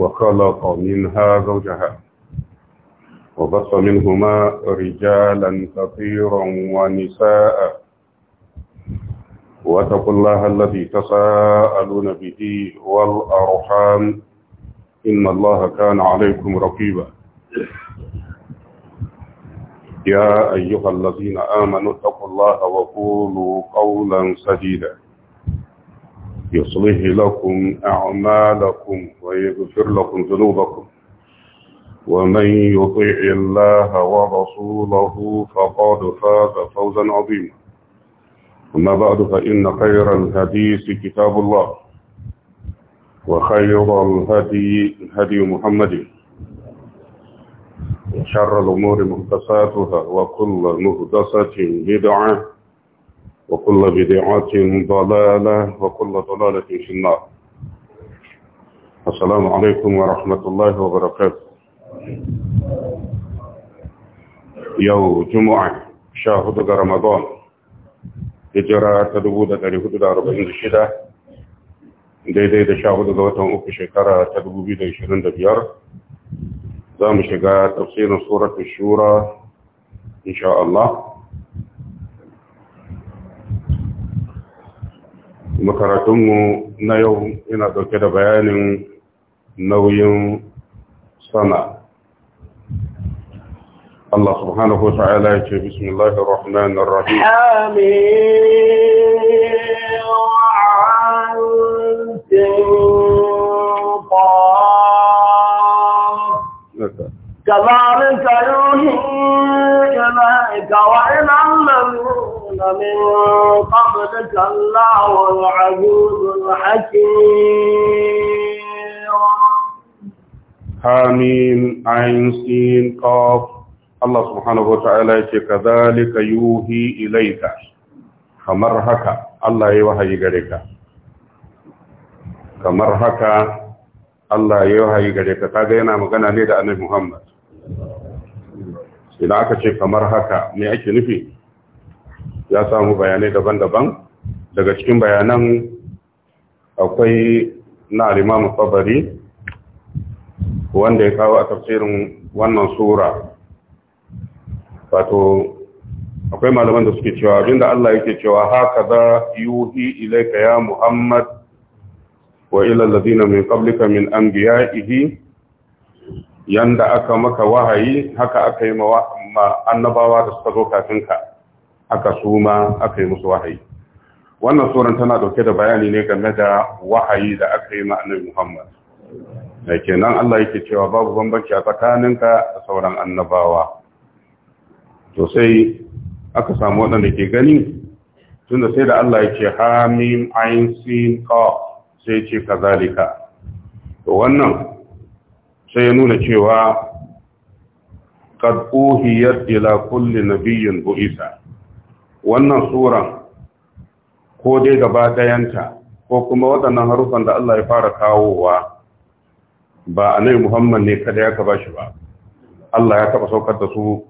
وخلق منها زوجها وبص منهما رجالا كثيرا ونساء واتقوا الله الذي تساءلون به والأرحام إن الله كان عليكم رقيبا يا أيها الذين آمنوا اتقوا الله وقولوا قولا سديدا يصلح لكم أعمالكم ويغفر لكم ذنوبكم ومن يطع الله ورسوله فقد فاز فوزا عظيما أما بعد فإن خير الحديث كتاب الله وخير الهدي هدي محمد وشر الأمور مهدساتها وكل مهدسة بدعة وكل بدعات ضلالة وكل ضلالة في النار السلام عليكم ورحمة الله وبركاته يوم جمعة شهر رمضان هجرة تدبودة داري حدود عرب انجشدة دي دي دي شاهد دوتان اوك شكرة تدبودة داري شرند بيار زام شكرة تفسير سورة الشورى ان شاء الله makaratunmu na yau yana dauke da bayanin nauyin sana Allah subhanahu wa ta'ala ya ce bismillahir rahmanir rahim amin كذلك يوحي إليك وإلى الذين من ذلك الله العزيز الحكيم حاميم عين سين قاف الله سبحانه وتعالى كذلك يوحي إليك kamar haka Allah ya wahayi gare ka kamar haka Allah ya wahayi gare ka kaga yana magana ne da Annabi Muhammad idan aka ce kamar haka me ake nufi ya samu bayanai daban-daban daga cikin bayanan akwai na alimamu tsabari wanda ya kawo a tafsirin wannan sura wato akwai malaman da suke cewa abinda Allah yake cewa haka za yuhi ilaika ya muhammad wa ilal ladina min qablika min anbiya'ihi yanda aka maka wahayi haka aka yi ma annabawa da suka zo kafin ka aka suma aka yi musu wahayi wannan tsoron tana dauke da bayani ne game da wahayi da aka yi ma'anar muhammad da kenan allah yake cewa babu bambanci a tsakaninka a sauran annabawa to sai aka samu waɗanda ke gani tunda sai da allah yake hamim ayin sin ka sai ce kazalika to wannan sai ya nuna cewa qad uhiyat ila kulli nabiyyin bu'isa wannan suran ko dai gaba ɗayanta ko kuma waɗannan harufan da Allah ya fara kawowa ba a nai Muhammad ne kada ya kaba shi ba Allah ya taɓa saukar da su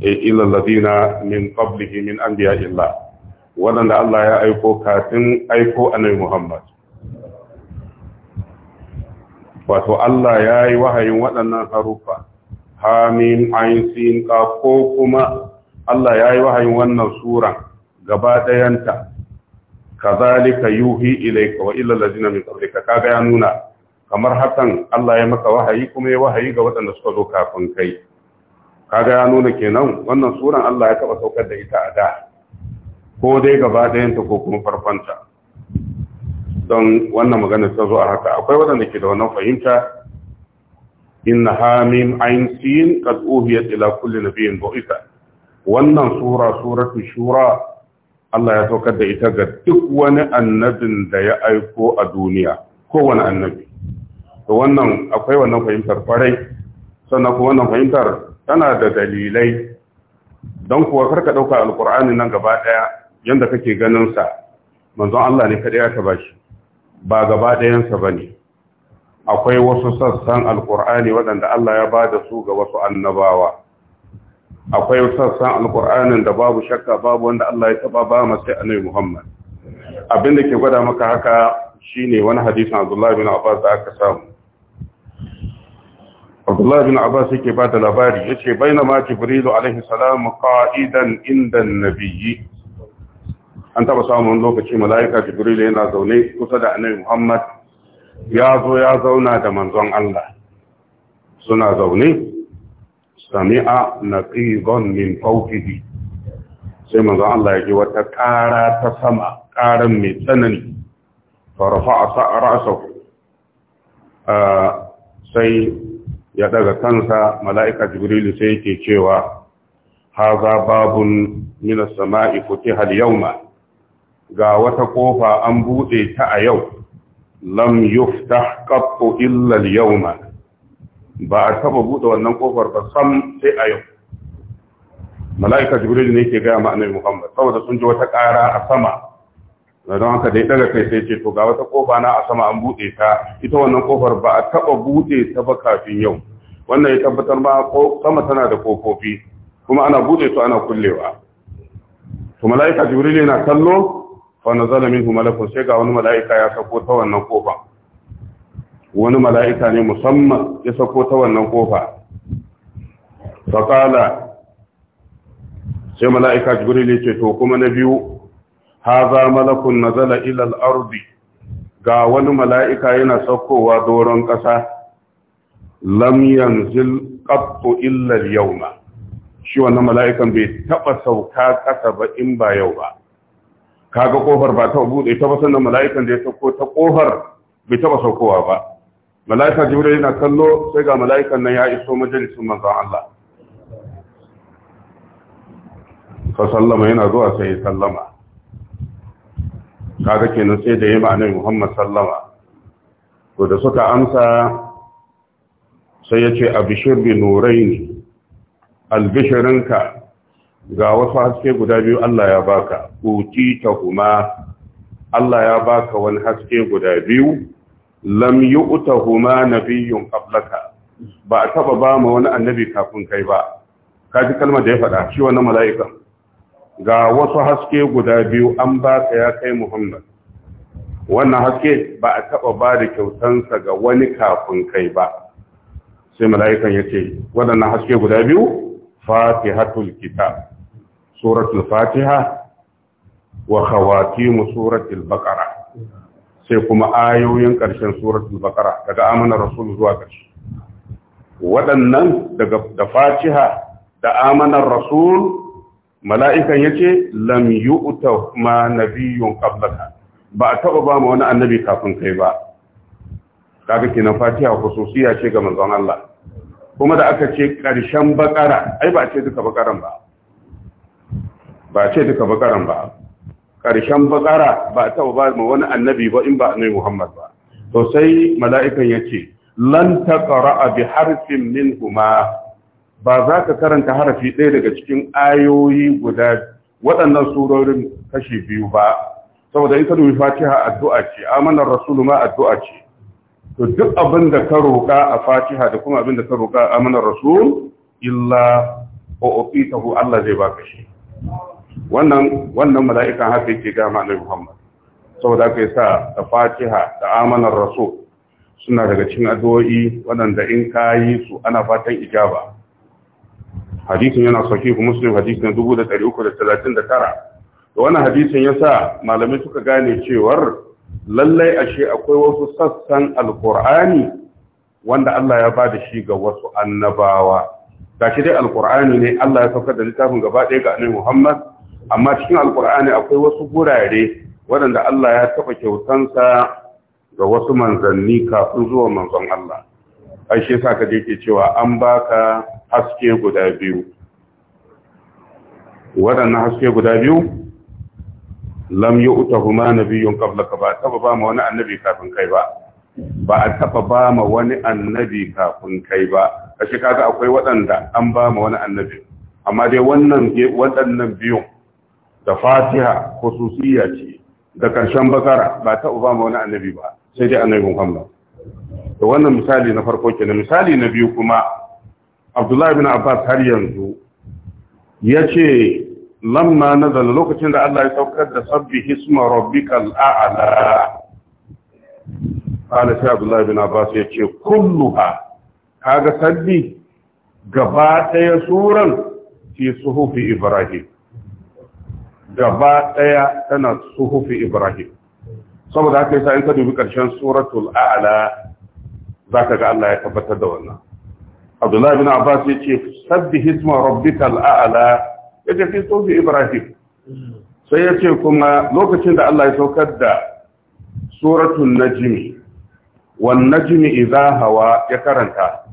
eh, ilal ladina min qablihi min an biya illa waɗanda Allah ya aiko kafin aiko a nai Muhammad wato Allah ya yi wahayin waɗannan harufa hamin ainihin ka ko kuma Allah ya yi wahayin wannan sura gaba ɗayanta kazalika yuhi ilayka wa ila allazina min qablika ya nuna kamar hakan Allah ya maka wahayi kuma ya wahayi ga waɗanda suka zo kafin kai kaga ya nuna kenan wannan suran Allah ya taba saukar da ita a da ko dai gaba ɗayanta ko kuma farfanta. don wannan magana ta zo a haka akwai waɗanda ke da wannan fahimta inna hamim ain sin qad uhiyat ila kulli nabiyyin bu'ita wannan sura suratu shura Allah ya saukar da ita ga duk wani annabin da ya aiko a duniya kowane annabi to wannan akwai wannan fahimtar farai sannan kuma wannan fahimtar tana da dalilai don kuwa karka ɗauka alkur'ani nan gaba ɗaya yadda kake ganin sa manzon Allah ne kaɗai aka ba shi ba gaba ɗayansa ba ne akwai wasu sassan alkur'ani waɗanda Allah ya bada su ga wasu annabawa akwai sassan alkur'anin da babu shakka babu wanda Allah ya taba ba masa annabi Muhammad abin ke gwada maka haka shine wani hadisin Abdullah bin Abbas da aka samu Abdullah bin Abbas yake ba da labari yace bainama Jibril alaihi salam qa'idan inda an an taba samun lokaci mala'ika Jibril yana zaune kusa da annabi Muhammad ya zo ya zauna da manzon Allah suna zaune sami'a naqidan min fawqihi sai manzo Allah ya ji wata ƙara ta sama ƙaran mai tsanani farfa'a ra'sahu sai ya daga kansa mala'ika jibrilu sai yake cewa haza babun mina sama'i fuke ma. ga wata kofa an buɗe ta a yau lam yufta ƙaffo illal yauma ba a taba buɗe wannan kofar ba sam sai a yau mala'ika jibril ne ke gaya ma annabi muhammad saboda sun ji wata ƙara a sama da don haka dai daga kai sai ce to ga wata kofa na a sama an buɗe ta ita wannan kofar ba a taba buɗe ta ba kafin yau wannan ya tabbatar ma sama tana da kofofi kuma ana buɗe su ana kullewa to mala'ika jibril yana kallo fa nazala minhu malakun sai ga wani mala'ika ya sako ta wannan kofa wani mala'ika ne musamman ya sako ta wannan kofa faƙala sai mala'ika jibril ce to kuma na biyu Ha za malakun nazala ilal ardi ga wani mala'ika yana saukowa doron ƙasa lam yanzil ƙaɓɓo illal yau ma shi wannan mala'ikan bai taɓa sauka ƙasa ba in ba yau ba kaga ƙofar ba ta buɗe ta ba sannan mala'ikan da ya sauko ta ƙofar bai taɓa saukowa ba mala'ika jibril yana kallo sai ga mala'ikan nan ya iso majalisun manzon Allah fa sallama yana zuwa sai ya sallama kaga kenan sai da yayin annabi Muhammad sallama to da suka amsa sai ya ce abishir bi nuraini albishirinka ga wasu haske guda biyu Allah ya baka uti ta kuma Allah ya baka wani haske guda biyu lam na nabiyyun ablaka. ba a taɓa ba ma wani annabi kafin kai ba ji kalmar da ya faɗa shi wannan mala'ika ga wasu haske guda biyu an ba ka ya kai muhammad wannan haske ba a taba ba da kyautansa ga wani kafin kai ba sai mala'ikan ya ce waɗannan haske guda biyu fatihatul kita suratul fatiha wa khawatimu suratul baqara sai kuma ayoyin ƙarshen suratul baqara daga amana rasul zuwa ƙarshe waɗannan daga da fatiha da amanar rasul mala'ikan yace lam yu'ta ma nabiyyun qablaka ba a taɓa ba ma wani annabi kafin kai ba kaga kenan fatiha khususiya ce ga manzon Allah kuma da aka ce ƙarshen bakara ai ba ce duka bakaran ba ba ce duka bakaran ba ƙarshen bakara ba ta ba ma wani annabi ba in ba annabi Muhammad ba to sai mala'ikan yace lan taqra'a bi harfin kuma ba za ka karanta harafi ɗaya daga cikin ayoyi guda waɗannan surorin kashi biyu ba saboda in ka dubi Fatiha addu'a ce amanar rasulu ma addu'a ce to duk abin da ka roƙa a Fatiha da kuma abin da ka roƙa amanar rasul illa o Allah zai baka shi wannan wannan mala'ikan haka yake ga ma'anar Muhammad saboda kai sa da Fatiha da amanar Rasul suna daga cikin addu'o'i wadanda in kayi su ana fatan ijaba hadisin yana sahih Muslim hadisin 1339 to wannan hadisin yasa malamai suka gane cewar lallai ashe akwai wasu sassan alkur'ani wanda Allah ya bada shi ga wasu annabawa gashi dai alkur'ani ne Allah ya saukar da littafin gaba ɗaya ga annabi Muhammad amma cikin alkur'ani akwai wasu gurare waɗanda Allah ya taɓa kyautansa ga wasu manzanni kafin zuwa manzon Allah ai shi yasa kaje ke cewa an baka haske guda biyu waɗannan haske guda biyu lam yu'tahuma nabiyyun qablaka ba taɓa ba ma wani annabi kafin kai ba ba a taɓa ba ma wani annabi kafin kai ba a shi kaga akwai waɗanda an ba ma wani annabi amma dai wannan waɗannan biyun da fatiha Susiyya ce da ƙarshen bakara ba ta uba ma wani annabi ba sai dai annabi muhammad da wannan misali na farko ke na misali na biyu kuma abdullahi bin abbas har yanzu ya ce lamma nazala lokacin da Allah ya saukar da sabbi hisma rabbikal a'la qala sai abdullahi bin abbas ya ce kulluha kaga sabbi gaba ɗaya suran fi suhufi ibrahim gaba ɗaya tana suhufi Ibrahim. Saboda haka yasa in ka dubi ƙarshen suratul a'la za ka ga Allah ya tabbatar da wannan. Abdullahi bin Abbas ya ce, Sabbi hisma rabbika al'a'la ya ce fi suhufi Ibrahim. Sai ya ce kuma lokacin da Allah ya saukar da suratul najmi wan najmi idza hawa ya karanta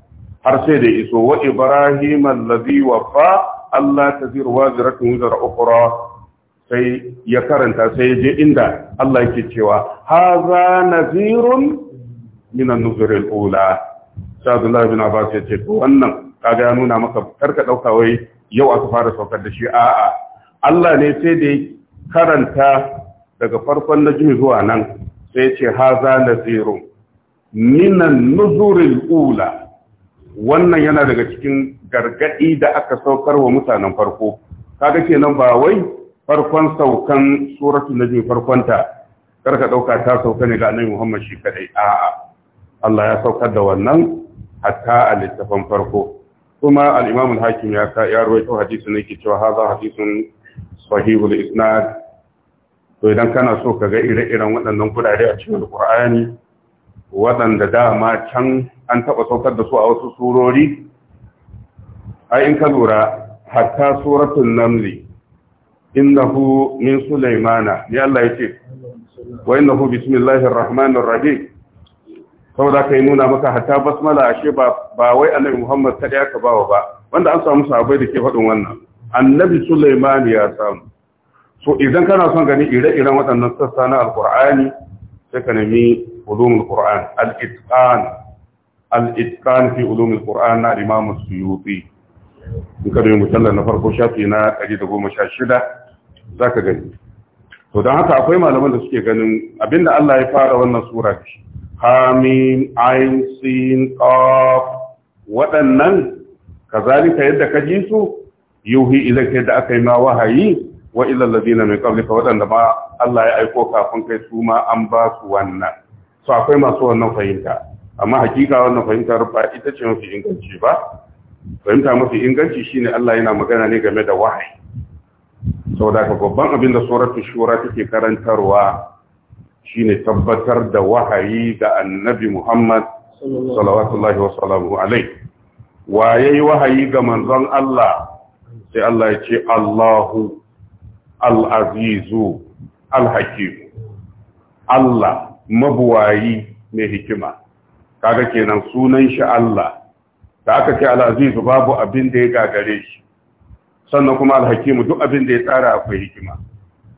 har sai da iso wa Ibrahim allazi wafa Allah taziru waziratun wizara ukhra sai ya karanta sai ya je inda Allah yake cewa haza nazirun min an-nuzur al-ula Abdullah bin Abbas ya ce to wannan kaga ya nuna maka karka dauka wai yau aka fara saukar da shi a'a Allah ne sai da karanta daga farkon najmi zuwa nan sai ya ce haza nazirun min an-nuzur al-ula wannan yana daga cikin gargadi da aka saukar wa mutanen farko kaga kenan ba wai farkon saukan suratul najm farkon ta karka dauka ta sauka ne ga annabi Muhammad shi kadai a Allah ya saukar da wannan hatta a littafin farko kuma al-Imam al-Hakim ya ka ya rawaito ne yake cewa hadha hadisun sahihul isnad to idan kana so ka ga ire-iren waɗannan kudade a cikin Qur'ani waɗanda dama can an taɓa saukar da su a wasu surori ai in ka lura hatta suratul namli innahu min sulaimana ni Allah ya ce wa innahu bismillahir rahmanir rahim saboda kai nuna maka hatta basmala ashe ba ba wai annabi Muhammad kada ka bawa ba wanda an samu sabai da ke faɗin wannan annabi Sulaiman ya samu so idan kana son gani ire-iren waɗannan sassa na alqur'ani sai ka nemi ulumul qur'an al-itqan al-itqan fi ulumul qur'an na Imam Suyuti kada musallar na farko shafi na 116 zaka gani to don haka akwai malaman da suke ganin abinda Allah ya fara wannan sura da shi hamim ayin sin qaf waɗannan kazalika yadda ka ji su yuhi ilayka yadda aka yi ma wahayi wa ila alladhina min ka waɗanda ma Allah ya aiko kafin kai su ma an ba su wannan so akwai masu wannan fahimta amma hakika wannan fahimtar ba ita ce mafi inganci ba fahimta mafi inganci shine Allah yana magana ne game da wahayi da ka babban abin da tsoratun shura take karantarwa shine tabbatar da wahayi ga annabi Muhammad salawatullahi wa sallamu yi wahayi ga manzon Allah sai Allah ya ce Allahu alazizu azizu al-hakim Allah mabuwayi mai hikima kaga kenan sunan shi Allah da aka ce al'azizu babu abin da ya gagare shi sannan kuma alhakimu duk abin da ya tsara akwai hikima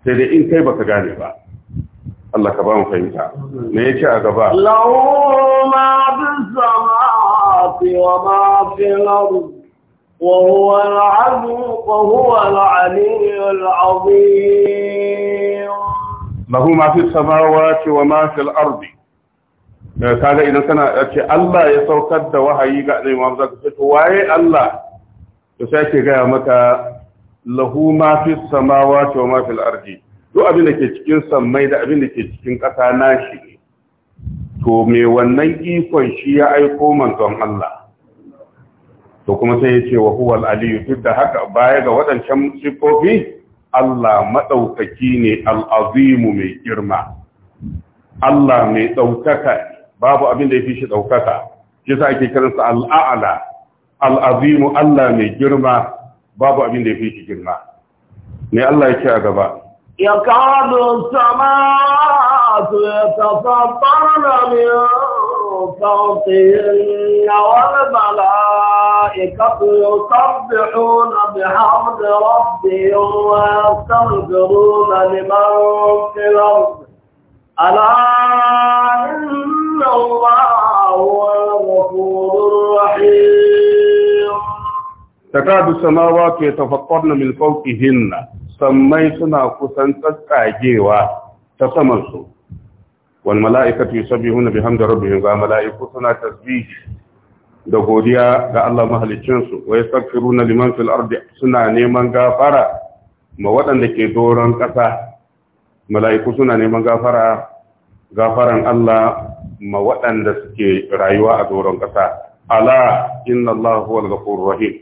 sai dai in kai baka gane ba Allah ka ba mu fahimta me yace a gaba lahu ma bis samawati ma wa ma fis Eh, kaga idan kana ce Allah ya saukar da wahayi ga annabi Muhammad ce to waye Allah to sai ake gaya maka lahu ma fi samawati wa ma fil ardi duk abin da ke cikin sammai da abin da ke cikin ƙasa nashi ne to me wannan ikon shi ya aiko manzon Allah to kuma sai ya ce wa huwa al-aliyu duk da haka baya ga waɗancan sifofi Allah maɗaukaki ne al-azimu mai girma Allah mai ɗaukaka babu abin da ya fi shi ɗaukaka shi sa ake kiransa al'a'ala al'azimu Allah mai girma babu abin da ya fi shi girma ne Allah ya ce a gaba ya kadu sama su ya tafaffar da biyu فوقهن والملائكة يسبحون بحمد ربهم ويستغفرون لمن في الأرض ألا إن الله غفور رحيم تكاد السماوات يتفطرن من فوقهن سمي سنا كسن تسكاجيوا تسمنسو والملائكة يسبحون بحمد ربهم والملائكة سنا تسبيح da godiya ga Allah mahalicinsu Wai ya sakfiru liman fil suna neman gafara ma waɗanda ke doron ƙasa mala'iku suna neman gafara gafaran Allah ma waɗanda suke rayuwa a doron ƙasa ala inna Allah huwal ghafur rahim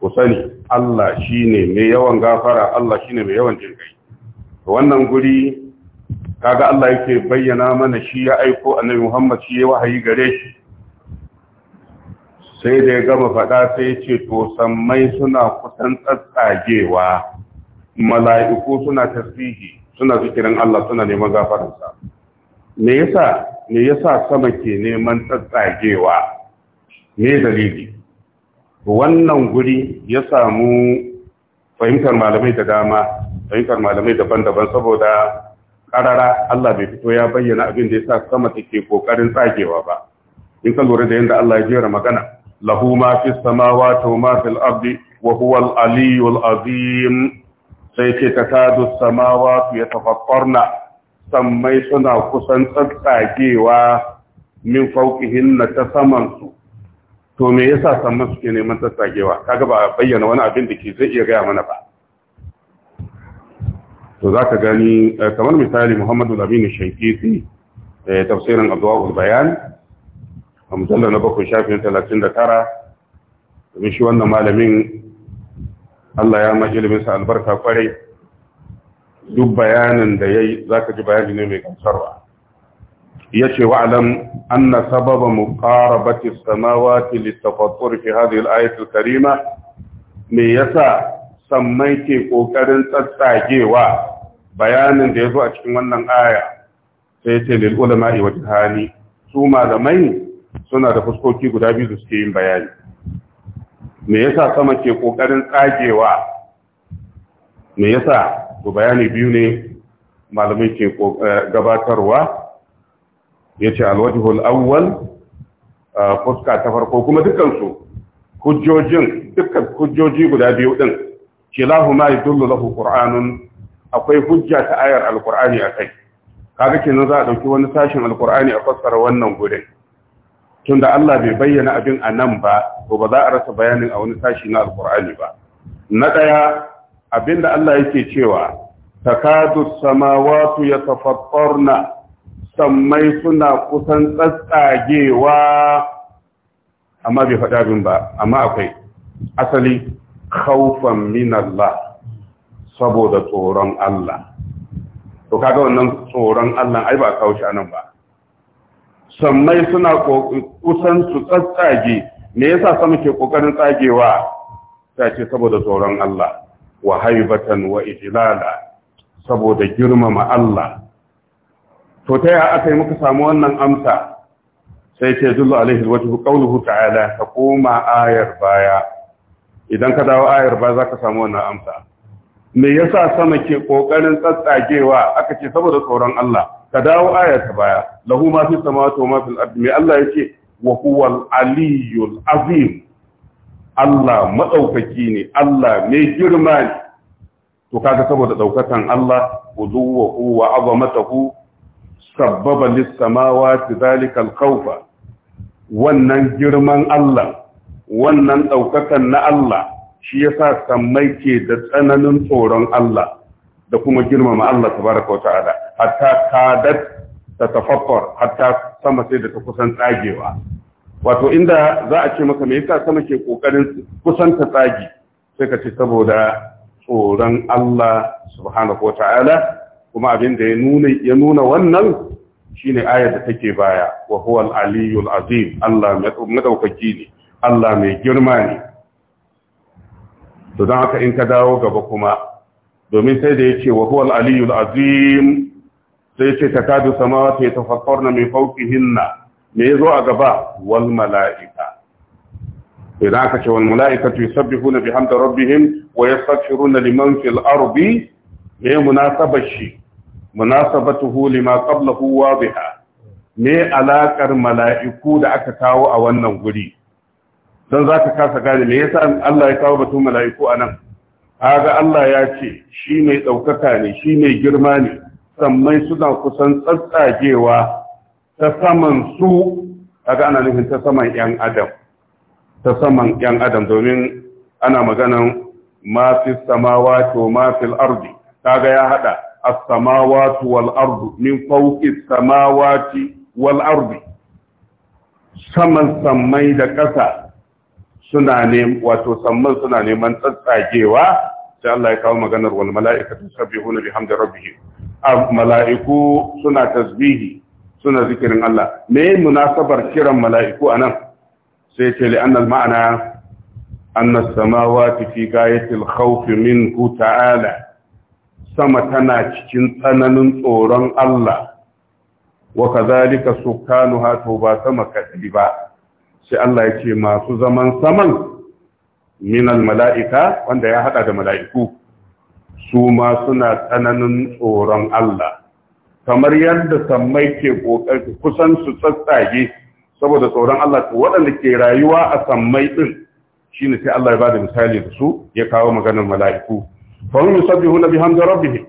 ku sani Allah shine mai yawan gafara Allah shine mai yawan jinkai wannan guri kaga Allah yake bayyana mana shi ya aiko annabi Muhammad shi ya wahayi gare shi sai da ya gama faɗa sai ya ce to sammai suna kusan tsatsagewa mala'iku suna tasbihi suna zikirin Allah suna neman gafaransa me yasa me yasa sama ke neman tsatsagewa me dalili wannan guri ya samu fahimtar malamai da dama fahimtar malamai daban-daban saboda karara Allah bai fito ya bayyana abin da yasa sama take kokarin tsagewa ba in ka lura da yanda Allah ya jera magana lahu ma fi samawati wa ma fil ardi wa huwa al aliyyul azim sai ce tasadu samawati yatafattarna sammai suna kusan tsatsagewa min fauƙihin na ta samansu to me yasa saman suke neman tsatsagewa kaga ba bayyana wani abin da ke zai iya gaya mana ba to za ka gani eh, kamar misali muhammadu lamini shankisi eh, tafsirin abuwa bayan a mutallar na bakwai shafin talatin da tara domin shi wannan malamin allah ya ma sa albarka kwarai duk bayanin da yayi zaka ji bayani ne mai Ya yace wa alam anna sababa muqarabati as-samawati litafattur fi hadhihi al karima me yasa sammai ke kokarin tsatsagewa bayanin da ya yazo a cikin wannan aya sai ce lil ulama'i wa jahani su malamai suna da fuskoki guda biyu da suke yin bayani me yasa sama ke kokarin tsagewa me yasa to bayani biyu ne malamai ke eh, gabatarwa ya ce alwajihul awwal eh, fuska ta farko kuma dukansu hujjojin dukkan hujjoji guda biyu din kilahuma yadullu lahu qur'anun akwai hujja ta ayar alqur'ani akai kaga kenan za a ɗauki wani sashin alqur'ani a fassara wannan gurin tunda Allah bai bayyana abin a nan ba ko ba za a rasa bayanin a wani sashi na alqur'ani ba na ɗaya. abinda Allah yake cewa takadu samawatu yatafattarna sammai suna kusan tsatsagewa amma bai faɗa bin ba amma akwai asali khawfan min Allah saboda tsoron Allah to kaga wannan tsoron Allah ai ba kawo shi anan ba sammai suna kusan su tsatsage me yasa sama ke kokarin tsagewa ta ce saboda tsoron Allah wa haibatan wa ijlala saboda girmama Allah to ta ya aka yi muka samu wannan amsa sai ce dullu alaihi wajhu qawluhu ta'ala ka koma ayar baya idan ka dawo ayar baya zaka samu wannan amsa me yasa sama ke ƙoƙarin tsatsagewa aka ce saboda tsoron Allah ka dawo ayar ta baya lahu ma fi samawati mafi ma me Allah ce wa huwal aliyul azim Allah maɗaukaki ne Allah mai girma ne to kaga saboda ɗaukakan Allah uzuwahu wa azamatahu sabbaba lis-samawati zalikal khawfa wannan girman Allah wannan ɗaukakan na Allah shi yasa sammai ke da tsananin tsoron Allah da kuma girmama Allah baraka wata ala. hatta kadat ta tafakkar hatta sama sai da ta kusan tsagewa wato inda za a ce maka me yasa sama ke kokarin kusanta tsagi sai ka ce saboda tsoron Allah subhanahu wataala kuma abin da ya nuna ya nuna wannan shine ayar da take baya wa huwa al azim Allah madaukaki ne Allah mai girma ne to haka in ka dawo gaba kuma domin sai da yace wa huwa al-aliyyul azim sai yace takadu samawati yatafakkarna min fawqihinna me yazo a gaba wal mala'ika idan aka ce wal mala'ikatu yusabbihuna bihamdi rabbihim wa na liman fil ardi me munasabar shi munasabatuhu lima huwa biha. me alaƙar mala'iku da aka kawo a wannan guri za zaka kasa gane me yasa Allah ya kawo batun mala'iku a nan kaga Allah ya ce shi mai ɗaukaka ne shi mai girma ne sammai suna kusan tsattsagewa ta saman su kaga ana nufin ta saman yan adam ta saman yan adam domin ana maganan ma samawa to wa ma ta ga ya hada a samawa to ardu min fawqi samawa ci ardi saman samai da ƙasa suna ne wato samman suna neman tsatsagewa sai Allah ya kawo maganar wal mala'ikatu sabbihuna bihamdi rabbihim mala'iku suna tasbihi suna zikirin Allah me munasabar kiran mala'iku anan sai ce li annal ma'ana anna samawati fi gayatil min minhu ta'ala sama tana cikin tsananin tsoron Allah wa kadhalika sukanuha hato ba sama kaɗi ba sai Allah ya ce masu zaman saman minal mala'ika wanda ya haɗa da mala'iku su ma suna tsananin tsoron Allah kamar yadda sammai ke kokari kusan su tsatsage saboda tsoron Allah ta waɗanda ke rayuwa a sammai shi ne sai Allah ya bada misali da su ya kawo maganar mala'iku fa hum yusabbihuna bihamdi rabbihim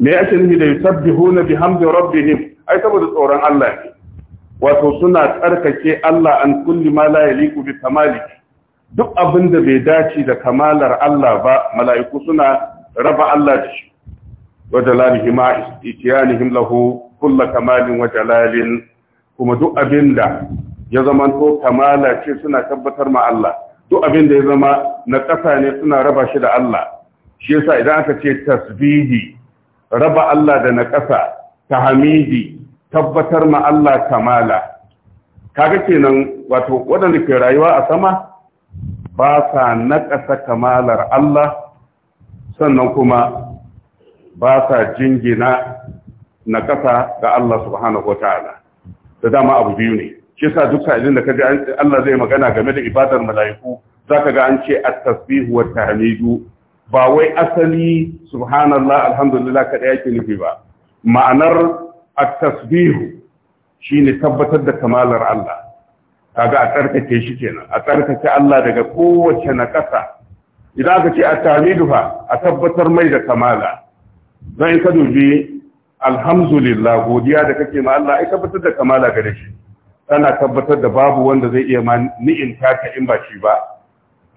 me ce nufi da yusabbihuna bihamdi rabbihim ai saboda tsoron Allah ne wato suna tsarkake Allah an kulli ma la bi duk abin da bai dace da kamalar Allah ba mala'iku suna raba Allah da shi wajalalihi ma itiyanihim lahu kulla kamalin wajalalin kuma duk abinda ya zama to kamala ce suna tabbatar ma Allah duk abinda ya zama na ƙasa ne suna raba shi da Allah shi yasa idan aka ce tasbihi raba Allah da na ƙasa tahmidi tabbatar ma Allah kamala kaga kenan wato waɗanda ke rayuwa a sama ba sa naƙasa kamalar Allah sannan kuma ba sa jingina na ƙasa ga Allah subhanahu wata'ala da dama abu biyu ne shi sa duk idan da ji Allah zai magana game da ibadar mala'iku ka ga an ce at-tasbihu wa tahmidu ba wai asali subhanallah alhamdulillah kada ke nufi ba ma'anar at-tasbihu shine tabbatar da kamalar Allah kaga a tsarkake shi kenan a tsarkake Allah daga kowace kasa, idan aka ce a tamidu fa a tabbatar mai da kamala don in ka dubi alhamdulillah godiya da kake ma Allah ai tabbatar da kamala gare shi tana tabbatar da babu wanda zai iya ma ni'inta ka in ba shi ba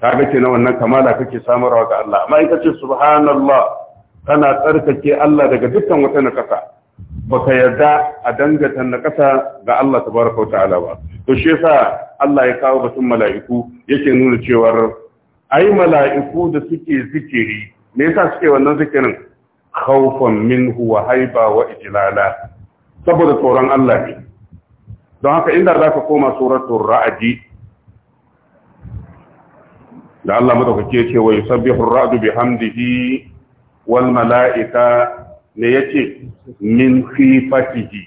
kaga kenan wannan kamala kake samarwa ga Allah amma in ka ce subhanallah kana tsarkake Allah daga dukkan wata nakasa baka yarda a dangata nakasa ga Allah tabaraka ta'ala ba to shi yasa Allah ya kawo batun mala'iku yake nuna cewa ai mala'iku da suke zikiri me yasa suke wannan zikirin khawfan minhu wa haiba wa ijlala saboda tsoron Allah ne don haka inda zaka koma suratul ra'd da Allah madaukake ce wa yusabbihu ar-ra'du bihamdihi wal mala'ika ne yace min khifatihi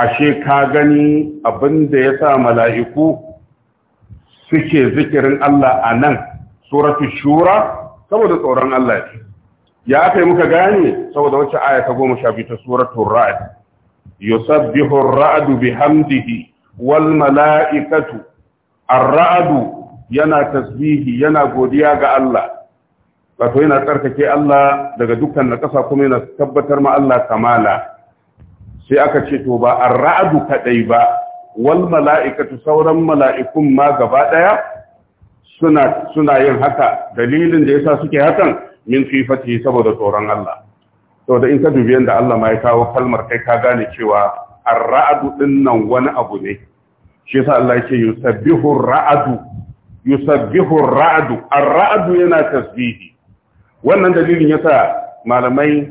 ashe ka gani abinda yasa mala'iku suke zikirin Allah a nan, suratu shura, saboda tsoron Allah ne. ya aka muka gane saboda wacce aya ta goma sha biyu ta suratul ra'd yusabbihu ar-ra'du bihamdihi wal mala'ikatu ar-ra'du yana tasbihi yana godiya ga Allah wato yana tsarkake Allah daga dukkan na kasa kuma yana tabbatar ma Allah kamala sai aka ce to ba ar-ra'du kadai ba wal mala'ikatu sauran mala'ikun ma gaba daya suna suna yin haka dalilin da yasa suke hakan min fifati saboda tsoron Allah da in ka dubi yanda Allah ma ya kawo kalmar kai ka gane cewa ar-ra'adu din nan wani abu ne shi yasa Allah yake yusabbihu ar-ra'adu yusabbihu ar-ra'adu ar-ra'adu yana tasbihi wannan dalilin yasa malamai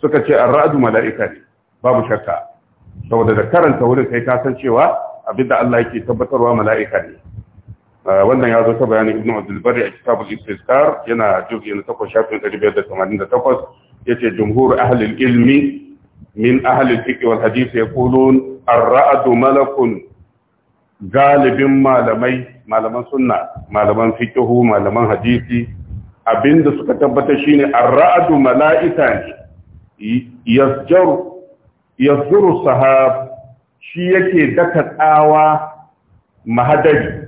suka ce ar-ra'adu mala'ika ne babu shakka saboda da karanta wurin kai ka san cewa abinda Allah yake tabbatarwa mala'ika ne Eh, wannan ya zo ta bayanin ibnu abdulbari a kitabul istizkar yana jufi na takwas shafin ɗari biyar da tamanin da takwas ya ce jumhur ahalil ilmi min ahalil fiƙi wal hadisi ya kulun arra'adu malakun galibin malamai malaman sunna malaman fiƙihu malaman hadisi abinda suka tabbata shine arra'adu mala'ika ne yazuru sahab shi yake daka tsawa mahadari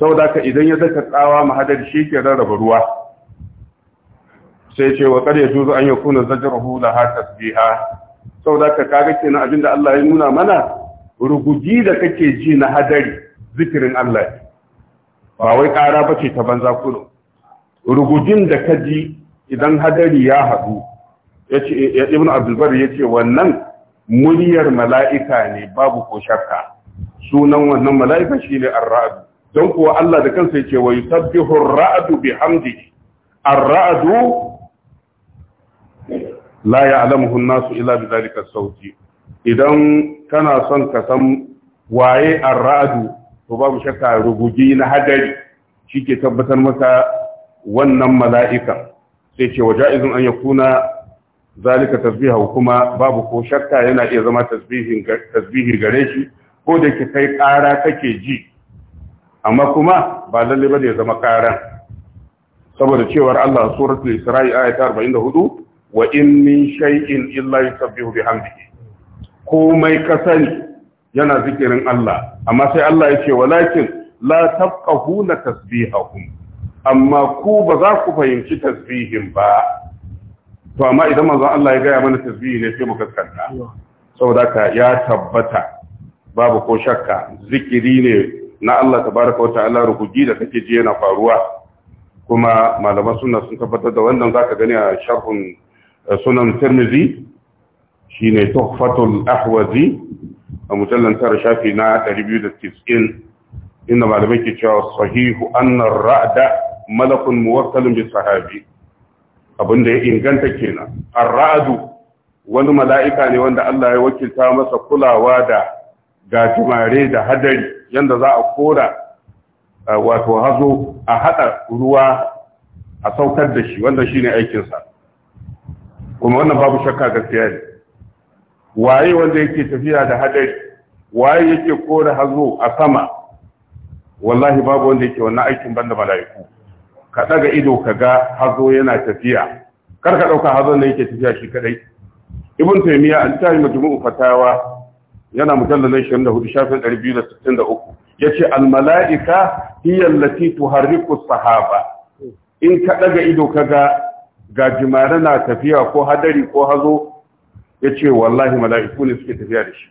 saboda ka idan ya daka tsawa mahadar shi ke rarraba ruwa sai ce wa kar ya juzu an yakuna zajruhu ha tasbiha saboda ka kaga kenan abinda Allah ya nuna mana ruguji da kake ji na hadari zikirin Allah ba wai ƙara bace ta banza kudu rugujin da ka ji idan hadari ya haɗu ya ibn abdulbar ya ce wannan muryar mala'ika ne babu ko shakka sunan wannan mala'ika shine ne arra'adu don kuwa Allah da kansa yake wai yusabbihu ar-ra'du bihamdihi ar-ra'du la ya'lamuhu an-nasu illa bi dhalika sauti idan kana son ka san waye ar-ra'du to babu shakka rugugi na hadari shike tabbatar maka wannan mala'ika sai ce wa ja'izun an yakuna zalika tasbihu kuma babu ko shakka yana iya zama tasbihin tasbihi gare shi ko da ke kai ƙara kake ji amma kuma ba lalle ba ne ya zama karan saboda cewar Allah suratul Isra'i ayat 44 wa in min shay'in illa yusabbihu bihamdihi komai ka yana zikirin Allah amma sai Allah ya ce walakin la tafqahuna tasbihahum amma ku ba za ku fahimci tasbihin ba to amma idan manzon Allah ya gaya mana tasbihi ne sai mu kaskanta saboda ka ya tabbata babu ko shakka zikiri ne na Allah wata wata'ala rukuji da kake ji yana faruwa kuma malaman suna sun tabbatar da wannan zaka gani a sharhun eh, sunan Tirmidhi shine Tuhfatul Ahwazi a mujallan tara shafi na 290 inda malamai ke cewa sahihu anna ra'da malakun muwakkalun bi sahabi abinda ya inganta kenan ar-ra'du wani mala'ika ne wanda Allah ya wakilta masa kulawa da ga tumare da hadari yanda za a kora wato hazo a hada ruwa a saukar da shi wanda shine aikinsa kuma wannan babu shakka gaskiya ne waye wanda yake tafiya da hadari waye yake kora hazo a sama wallahi babu wanda yake wannan aikin banda mala'iku ka daga ido ka ga hazo yana tafiya kar ka dauka hazo ne yake tafiya shi kadai ibn taymiya an tayi majmu'u fatawa yana mujallalin 24 shafin 263 yace al malaika hiya allati tuharriku sahaba in ka daga ido kaga ga jimare na tafiya ko hadari ko hazo yace wallahi mala'iku ne suke tafiya da shi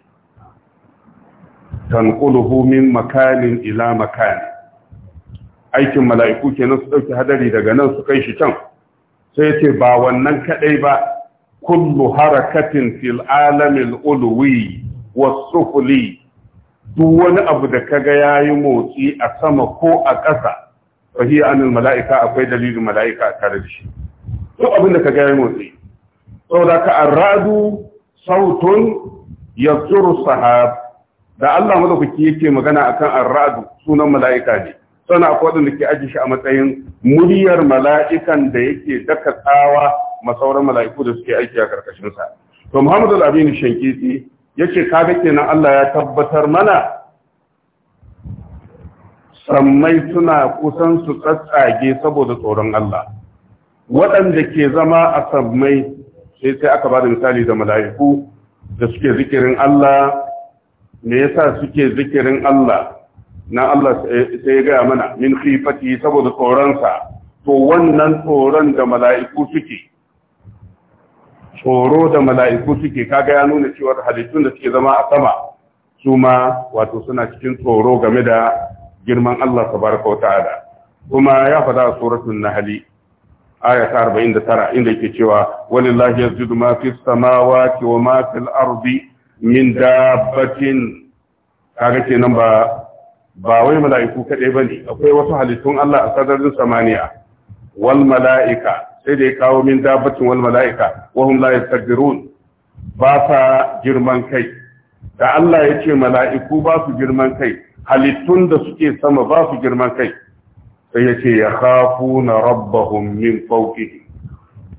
tanquluhu min makanin ila makan aikin mala'iku kenan su dauki hadari daga nan su kai shi can sai yace ba wannan kadai ba kullu harakatin fil alamil ulwi wasufuli duk wani abu da kaga yayi motsi a sama ko a ƙasa fa hiya anil mala'ika akwai dalilin mala'ika a tare da shi duk abin da kaga yayi motsi saboda ka arradu sautun yazuru sahab da Allah madaukaki yake magana akan arradu sunan mala'ika ne sana akwai wadanda ke aji shi a matsayin muryar mala'ikan da yake daka masauran mala'iku da suke aiki a karkashin sa to Muhammadu al-Amin Shankiti yace kaga kenan Allah ya tabbatar mana sammai suna kusan su tsatsage saboda tsoron Allah waɗanda ke zama a sammai sai sai aka bada misali da mala'iku da suke zikirin Allah me yasa suke zikirin Allah na Allah sai ya gaya mana min khifati saboda tsoron sa, to wannan tsoron da mala'iku suke tsoro da mala'iku suke kaga ya nuna cewa halittun da suke zama a sama su ma wato suna cikin tsoro game da girman Allah tabaraka kuma ya faɗa a suratul nahl aya ta tara, inda yake cewa walillahi yasjudu ma samawa samawati wa ma fil ardi min dabbatin kaga kenan ba ba wai mala'iku kaɗai bane akwai wasu halittun Allah a sararin samaniya wal mala'ika sai da ya kawo min dabbacin wal mala'ika wa hum la yastakbirun ba sa girman kai da Allah ya ce mala'iku ba su girman kai halittun da suke sama ba su girman kai sai ya ce ya na rabbahum min fawqihi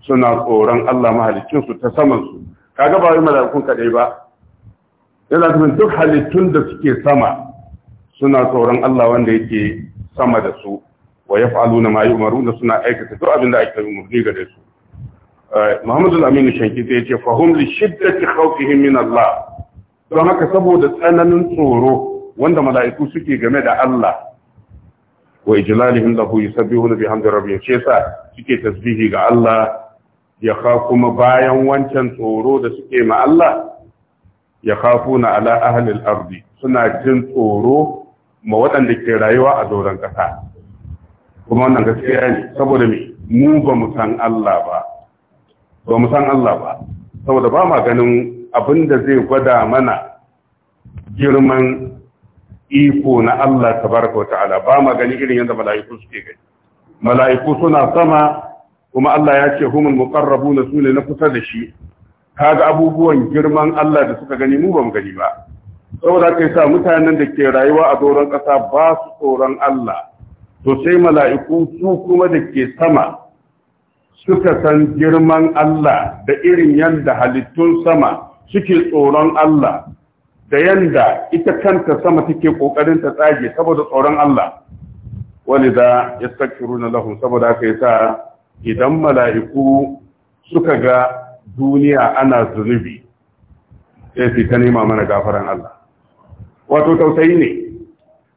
suna tsoron Allah mahalicin su ta saman su kaga ba wai mala'ikun kadai ba yana nufin duk halittun da suke sama suna tsoron Allah wanda yake sama da su wa mayu, ma yu'maruna suna aikata duk abinda da ake umarni gare su eh, Muhammadu al-Amin Shankiti ce, fa hum li shiddati khawfihim min Allah don haka saboda tsananin tsoro wanda mala'iku suke game da Allah wa ijlalihim lahu yusabbihuna bihamdi rabbihim ce sa, suke tasbihi ga Allah ya kuma bayan wancan tsoro da suke ma Allah ya khafuna ala ahli al-ardi suna jin tsoro ma waɗanda ke rayuwa a doron ƙasa kuma wannan gaskiya ne saboda me mu ba mu san Allah ba ba mu san Allah ba saboda ba ma ganin abinda zai gwada mana girman iko na Allah tabaraka wa ta'ala ba ma gani irin yanda mala'iku suke gani mala'iku suna sama kuma Allah ya ce humul muqarrabun sune na kusa da shi kaga abubuwan girman Allah da suka gani mu ba mu gani ba saboda kai sa mutanen da ke rayuwa a doron ƙasa ba su tsoron Allah to sai mala'iku su kuma da ke sama suka san girman Allah da irin yadda halittun sama suke tsoron Allah da yadda ita kanta sama take ƙoƙarin ta tsage saboda tsoron Allah wani za ya sakiru na lahun saboda aka yi sa idan mala'iku suka ga duniya ana zunubi sai fi ta nema mana gafaran Allah wato tausayi ne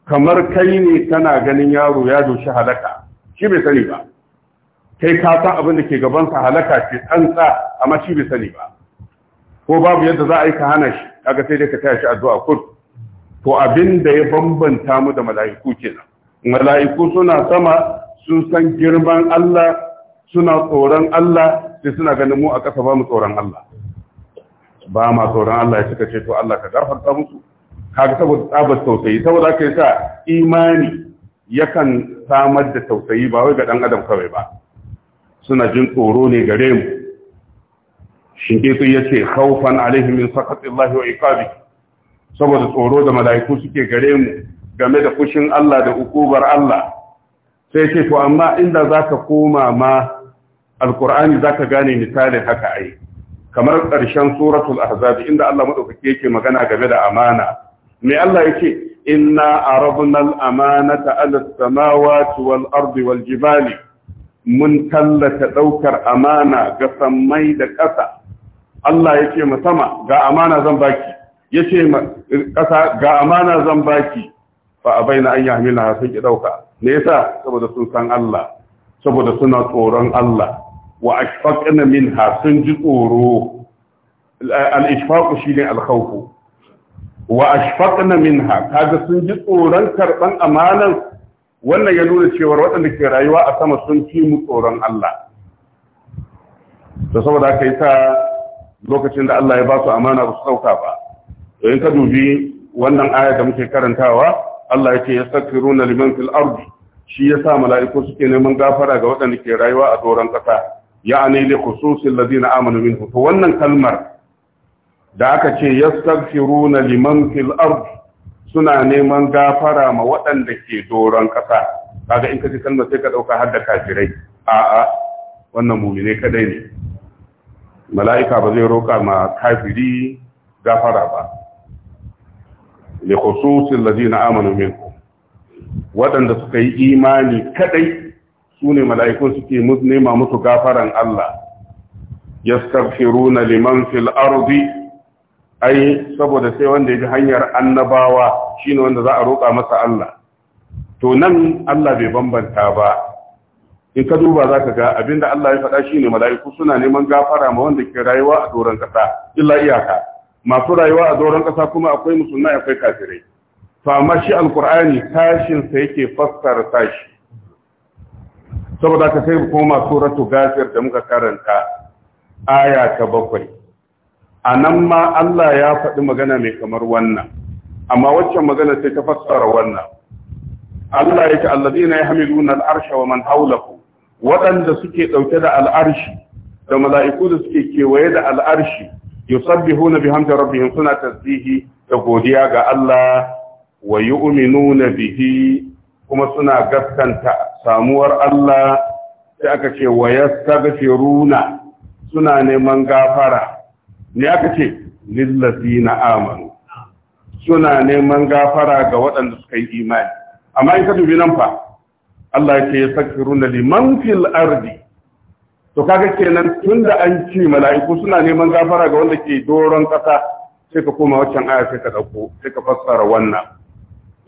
kamar kai ne tana ganin yaro ya doshi halaka shi bai sani ba kai ka san abin da ke gabansa halaka ce tsantsa amma shi bai sani ba ko babu yadda za a yi ka hana shi kaga sai dai ka taya shi addu'a kur to abin da ya bambanta mu da mala'iku kenan mala'iku suna sama sun san girman Allah suna tsoron Allah sai suna ganin mu a kasa ba mu tsoron Allah ba ma tsoron Allah ya suka ce to Allah ka gafarta musu kaga saboda tsabar tausayi saboda yi sa imani yakan samar da tausayi ba wai ga dan adam kawai ba suna jin tsoro ne gare mu ke shinkitu yace khawfan alaihim min sakatillahi wa iqabi saboda tsoro da malaiku suke gare mu game da fushin Allah da ukubar Allah sai ce to amma inda zaka koma ma alqur'ani zaka gane misalin haka ai kamar ƙarshen suratul ahzab inda Allah madaukake yake magana game da amana Mai Allah yake inna arabna al-amanata ala as-samawati wal ardi wal jibali mun tallata daukar amana ga sammai da ƙasa Allah yake ma sama ga amana zan baki yace ma ƙasa ga amana zan baki fa abaina an yahmilha sun ki dauka me yasa saboda sun san Allah saboda suna tsoron Allah wa ashfaqna minha sun ji tsoro al-ishfaq shine al-khawf wa ashfaqna minha kaga sun ji tsoron karban amanan wannan ya nuna cewa waɗanda ke rayuwa a sama sun fi mu tsoron Allah to saboda haka yasa lokacin da Allah ya ba su amana ba su dauka ba to in ka dubi wannan aya da muke karantawa Allah yake yasakiruna liman fil ardi shi yasa mala'iku suke neman gafara ga waɗanda ke rayuwa a tsoron ƙasa ya'ani li khususil ladina amanu minhu to wannan kalmar da aka ce yastaghfiruna liman fil ard suna neman gafara ma waɗanda ke doron ƙasa kaga in ka ji kalmar sai ka dauka har da kafirai a'a wannan mumine kadai ne mala'ika ba zai roka ma kafiri gafara ba li khususil ladina amanu minkum waɗanda suka yi imani kadai su ne mala'ikun suke nema musu gafaran Allah yastaghfiruna liman fil ardi ai saboda sai wanda ya bi hanyar annabawa shine wanda za a roƙa masa Allah to nan Allah bai bambanta ba in ka duba za ga abinda Allah ya faɗa shine mala'iku suna neman gafara ma wanda ke rayuwa a doron ƙasa illa iyaka masu rayuwa a doron ƙasa kuma akwai musulmai akwai kafirai to amma shi alkur'ani tashin sa yake fassara tashi saboda ka sai kuma suratu gafir da muka karanta aya ta bakwai a nan ma Allah ya faɗi magana mai kamar wannan amma waccan magana sai ta fassara wannan Allah yake allazina yahmiluna al'arsha wa man hawlahu waɗanda suke ɗauke da al'arshi da mala'iku da suke kewaye da al'arshi bi bihamdi rabbihim suna tasbihi da godiya ga Allah wa yu'minuna bihi kuma suna gaskanta samuwar Allah sai aka ce wa runa, suna neman gafara ne aka ce lillazi na amanu suna neman gafara ga waɗanda suka yi imani amma in ka dubi nan fa Allah ya ce ya saki na liman fil ardi to kaga kenan tunda da an ce mala'iku suna neman gafara ga wanda ke doron kasa sai ka koma waccan aya sai ka dauko, sai ka fassara wannan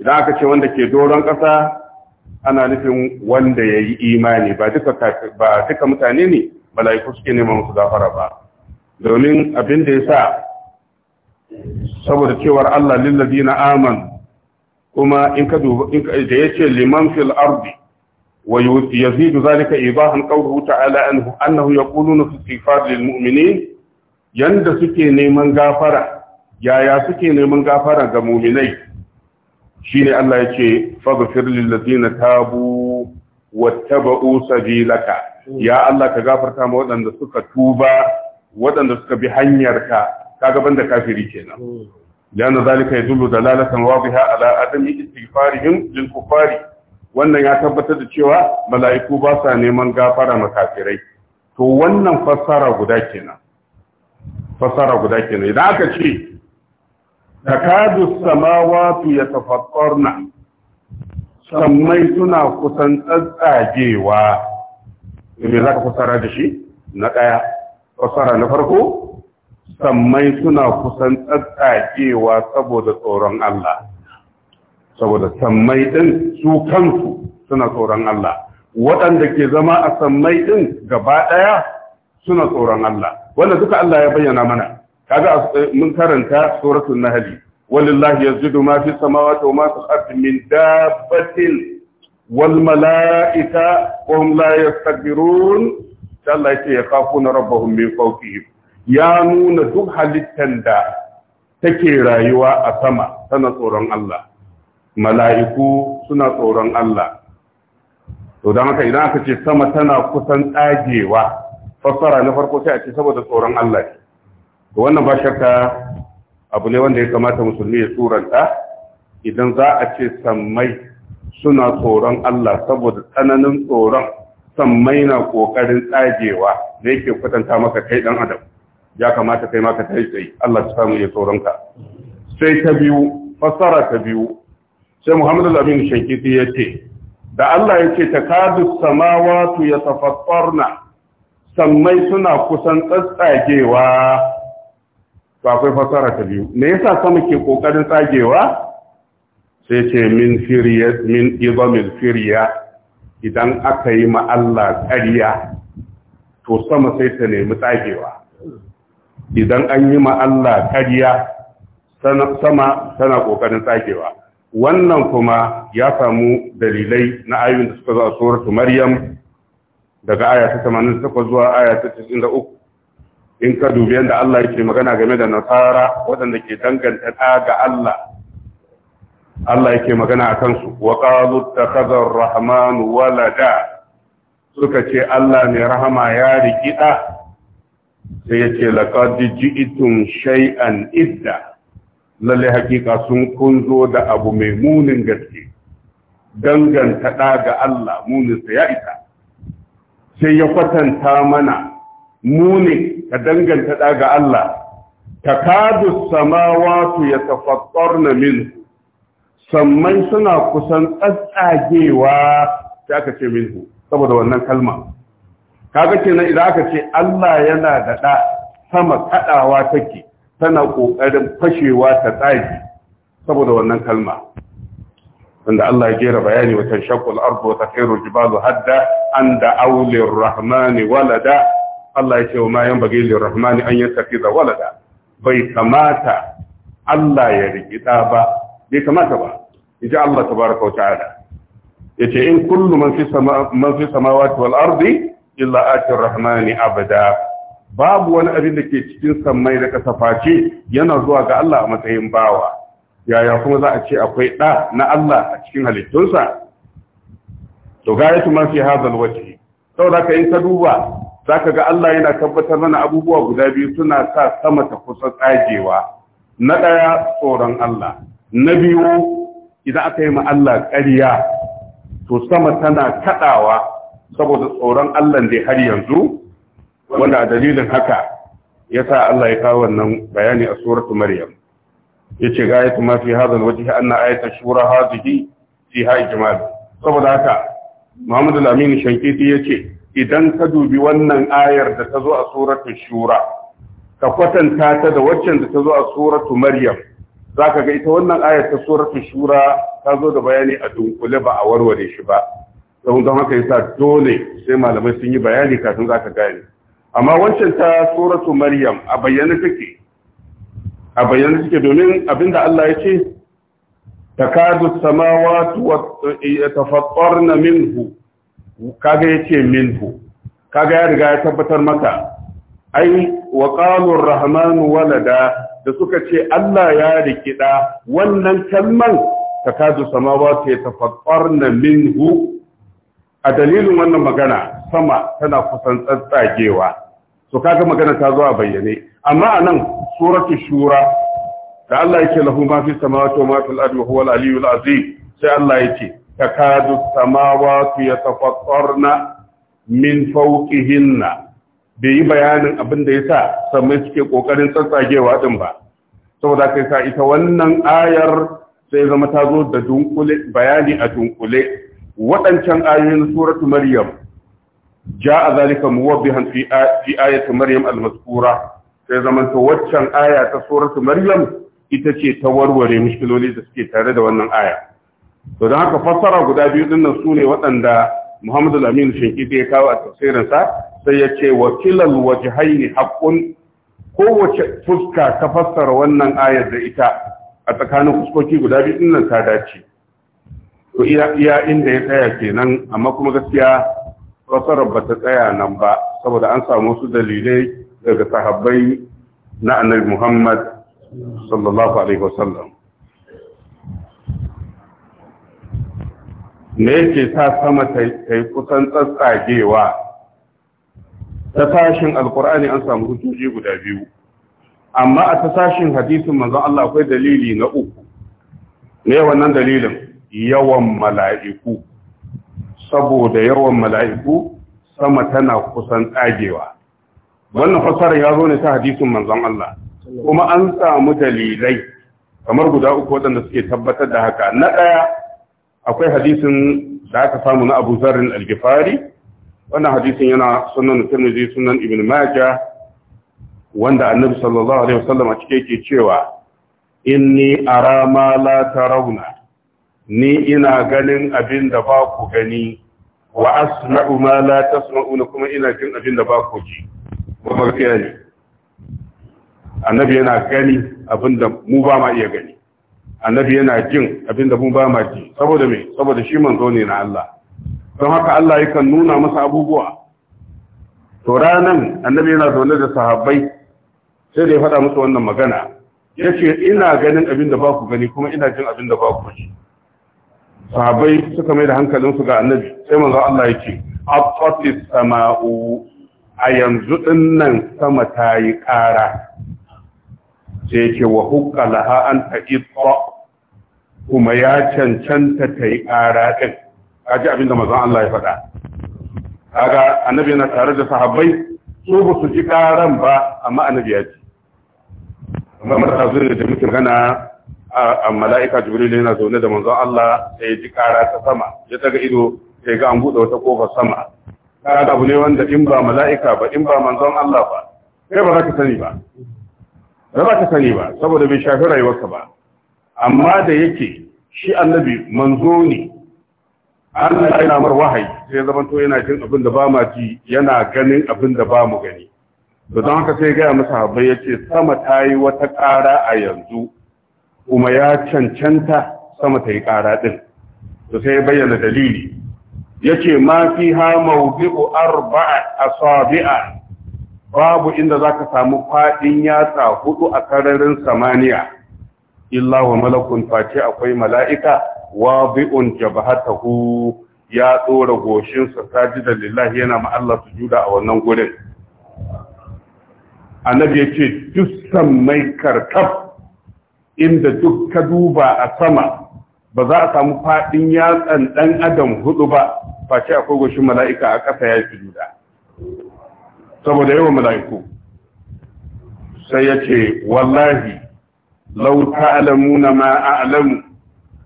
idan aka ce wanda ke doron ƙasa ana nufin wanda ya yi imani ba duka mutane ne mala'iku suke neman musu gafara ba domin abin da ya sa saboda cewar Allah lillazina aman kuma in ka duba da yace liman fil ardi wa yazidu zalika ibahan qawluhu ta'ala anhu annahu yaquluna fi istighfar lil mu'minin yanda suke neman gafara yaya suke neman gafara ga mu'minai shine Allah yace faghfir lil ladina tabu wattaba'u sabilaka ya Allah ka gafarta ma waɗanda suka tuba waɗanda suka bi hanyarka kaga da kafiri kenan لأن ذلك يدل دلالة واضحة على عدم استغفارهم للكفار wannan ya tabbatar da cewa mala'iku ba sa neman gafara ma kafirai. to wannan fassara guda kenan fassara guda kenan idan aka ce takadu samawatu yatafattarna sammai suna kusan tsatsagewa me zaka fassara da shi na ɗaya. fasara na farko sammai suna kusan tsatsagewa saboda tsoron Allah saboda sammai din su kansu suna tsoron Allah waɗanda ke zama a sammai din gaba ɗaya suna tsoron Allah wanda duka Allah ya bayyana mana kaga eh, mun karanta suratul nahl walillahi yazidu ma fi samawati wa ma fil ardi min dabbatin wal malaika wa hum la yastakbirun sai Allah ya ce ya kafuna min fawqihim ya nuna duk halittar da take rayuwa a sama tana tsoron Allah mala'iku suna tsoron Allah to dan haka idan aka ce sama tana kusan tsagewa fassara na farko sai a ce saboda tsoron Allah ne to wannan ba shakka abu ne wanda ya kamata musulmi ya turanta idan za a ce sammai suna tsoron Allah saboda tsananin tsoron sammai na kokarin tsagewa da yake kwatanta maka kai dan adam ya kamata kai maka kai tsayi Allah ya samu ya tsoronka sai ta biyu fassara ta biyu sai Muhammadu al Shankiti ya yace da Allah ya ce yake samawatu ya yatafattarna sammai suna kusan tsatsagewa to akwai fassara ta biyu me yasa sama ke kokarin tsagewa sai ce min firiya min idamil firiya idan aka yi ma Allah ƙariya to sama sai ta nemi tsagewa idan an yi ma Allah ƙariya sama tana ƙoƙarin tsagewa wannan kuma ya samu dalilai na ayyun da suka zuwa a Maryam daga aya ta 88 zuwa aya ta 93 in ka dubi yadda Allah yake magana game da nasara waɗanda ke danganta ta ga Allah Allah yake magana a kansu wa qalu takhadha ar-rahman walada suka ce Allah mai rahama ya rikida sai yace laqad ji'tum shay'an idda lalle hakika sun kunzo da abu mai munin gaske danganta da ga Allah munin ya isa sai ya kwatanta mana munin ka danganta da ga Allah takadu samawati yatafattarna minhu sammai suna kusan tsatsagewa ta aka ce minhu saboda wannan kalma kaga kenan idan aka ce Allah yana da da sama kadawa take tana kokarin fashewa ta tsage saboda wannan kalma wanda Allah ya jera bayani wa tanshaqqul ardu wa tafiru jibalu hadda an da'u rahmani walada Allah ya ce wa ma yanbaghi rahmani an yattakhidha walada bai kamata Allah ya rikida ba bai kamata ba inji Allah tabaraka wa ta'ala yace in kullu man fi sama man fi samawati wal ardi illa atir rahmani abada babu wani abin da ke cikin samai da kasa face yana zuwa ga Allah a matsayin bawa yaya kuma za a ce akwai da na Allah a cikin halittunsa to su ma fi waje. Sau da ka yi ka duba zaka ga Allah yana tabbatar mana abubuwa guda biyu suna sa sama ta kusa tsagewa na ɗaya tsoron Allah na biyu idan aka yi Allah ƙarya to sama tana kaɗawa saboda tsoron Allah da har yanzu wanda a dalilin haka ya sa Allah ya kawo wannan bayani a suratu Maryam ya ce ga yata mafi hazan waje anna ayata shura hazihi fi ha ijmal saboda haka Muhammadu Lamini Shankiti ya ce idan ka dubi wannan ayar da ta zo a suratu shura ka kwatanta ta da waccan da ta zo a suratu Maryam za ka ga ita wannan ayar ta suratul shura ta zo da bayani a dunkule ba a warware shi ba don don haka yasa dole sai malamai sun yi bayani kafin za ka gane amma wancan ta suratul maryam a bayyana take a bayyana take domin abinda Allah ya ce takadu samawati wa tafattarna minhu kaga yace minhu kaga ya riga ya tabbatar maka ai wa qalu ar-rahmanu walada da suka ce Allah ya rikida wannan kalman takadu samawati yatafattarna minhu a dalilin wannan magana sama tana kusan tsatsagewa to kaga magana ta zo a bayyane amma nan, suratul shura da Allah yake lahu ma fi samawati wa ma fil ardi huwa al-aliyyul azim sai Allah yake takadu samawati yatafattarna min fawqihinna bai yi bayanin abin da ya sa sammai suke ƙoƙarin tsatsagewa ɗin ba saboda kai sa ita wannan ayar sai zama ta zo da dunkule bayani a dunkule waɗancan ayoyin suratu maryam ja'a zalika muwabbihan fi fi maryam al sai zama ta waccan aya ta suratu maryam ita ce ta warware mushkiloli da suke tare da wannan aya to don haka fassara guda biyu dinnan su ne waɗanda Muhammadu Aminu Shinkiti ya kawo a tafsirinsa sai ya ce wa kilal haini haƙun kowace fuska ta fassara wannan ayar da ita a tsakanin fuskoki guda biyu din nan ta dace to iya inda ya tsaya kenan amma kuma gaskiya fassarar ba ta tsaya nan ba saboda an samu wasu dalilai daga sahabbai na annabi Muhammad sallallahu alaihi wasallam me yake sa sama ta yi kusan tsatsagewa ta sashin alkur'ani an samu hujjoji guda biyu amma a ta sashin hadisin manzon Allah akwai dalili na uku ne wannan dalilin yawan mala'iku saboda yawan mala'iku sama tana kusan tsagewa wannan fassarar ya zo ne ta hadisin manzon Allah kuma an samu dalilai kamar guda uku waɗanda suke tabbatar da haka na ɗaya akwai hadisin da aka samu na Abu Zarrin al-Ghifari wannan hadisin yana sunan Tirmidhi sunan Ibn Majah wanda Annabi sallallahu alaihi wasallam a cike yake cewa inni ara ma la tarawna ni ina ganin abin da ba ku gani wa asma'u ma la tasma'una kuma ina jin abin da ba ku ji ba ne annabi yana gani abin da mu ba ma iya gani annabi yana jin da mu ba ma ji saboda me saboda shi manzo ne na Allah don haka Allah yakan nuna masa abubuwa to ranan annabi yana zaune da sahabbai sai da ya faɗa musu wannan magana yace ina ganin da ba ku gani kuma ina jin da ba ku ji sahabbai suka mai da su ga annabi sai manzo Allah yake afatis sama'u a yanzu dinnan sama ta yi ƙara sai yake wa hukka laha an taqitta kuma ya cancanta ta yi ƙara ɗin ji abin da mazan Allah ya faɗa ga, annabi yana tare da sahabbai su ba su ji ƙaran ba amma annabi ya ji Amma mata zuri da muke gana a mala'ika jibril yana zaune da manzon Allah sai ya ji ƙara ta sama ya daga ido sai ga an buɗe wata ƙofar sama da abu ne wanda in ba mala'ika ba in ba manzon Allah ba kai ba za ka sani ba ba za ka sani ba saboda bai shafi rayuwarsa ba amma da yake shi annabi manzo ne Allah yana mar wahayi sai zaman to yana jin abin da ba ma ji yana ganin abin da ba mu gani to don haka sai gaya masa ya yace sama ta yi wata ƙara a yanzu kuma ya cancanta sama ta yi ƙara din to sai bayyana dalili yace ma fi ha mawdi'u arba'a asabi'a babu inda za ka samu fadin yatsa hudu a sararin samaniya illa wa malakun face akwai mala'ika wabi'un jabhatahu ya tsora goshinsa sajida lillahi yana ma Allah sujuda a wannan gurin annabi yace duk mai karkab inda duk ka duba a sama ba za a samu fadin yatsan dan adam hudu ba face akwai goshin mala'ika a kasa ya sujuda saboda yawan mala'iku sai yace wallahi lau ta'lamuna ma a'lamu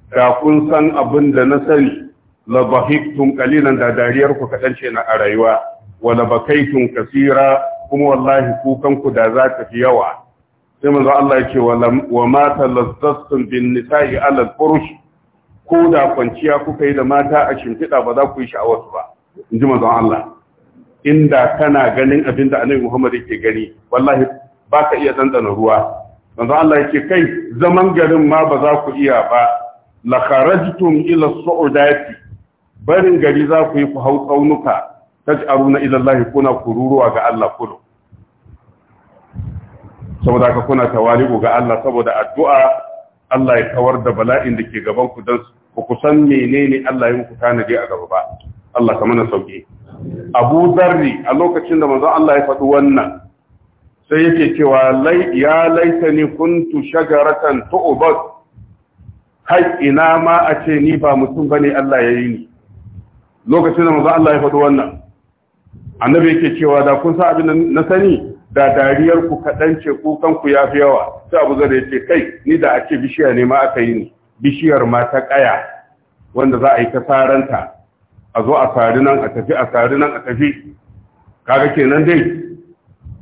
da kun san abin da na sani la dhahiktum qalilan da dariyar ku kadan ce na a rayuwa wa la bakaitum kaseera kuma wallahi kukan ku da za ta fi yawa sai manzo Allah ce wa mata talazzastum bin nisa'i ala furush ko da kwanciya kuka yi da mata a shimfiɗa ba za ku yi sha'awarsu ba in ji manzon Allah inda kana ganin abin da annabi Muhammad yake gani wallahi ba ka iya dandana ruwa manzo Allah yake kai zaman garin ma ba za ku iya ba la kharajtum ila su'udati barin gari za ku yi ku hau tsaunuka taj'aruna ila Allah kuna kururuwa ga Allah kullu saboda haka kuna tawali'u ga Allah saboda addu'a Allah ya kawar da bala'in da ke gaban ku dan ku kusan menene Allah ya muku tanaje a gaba ba Allah ka mana sauki Abu Zarri a lokacin da manzo Allah ya faɗi wannan sai yake cewa ya ni kuntu shagaratan tu'bad kai ina ma a ce ni ba mutum bane Allah ya yi ni lokacin da manzo Allah ya faɗo wannan annabi yake cewa da kun sa abin na sani da dariyar ku kadan ce ku ku yafi yawa sai Abu Zar yake kai ni da ake bishiya ne ma aka yi ni bishiyar ma ta kaya wanda za a yi ta saranta a zo a sari nan a tafi a sari nan a tafi kaga kenan dai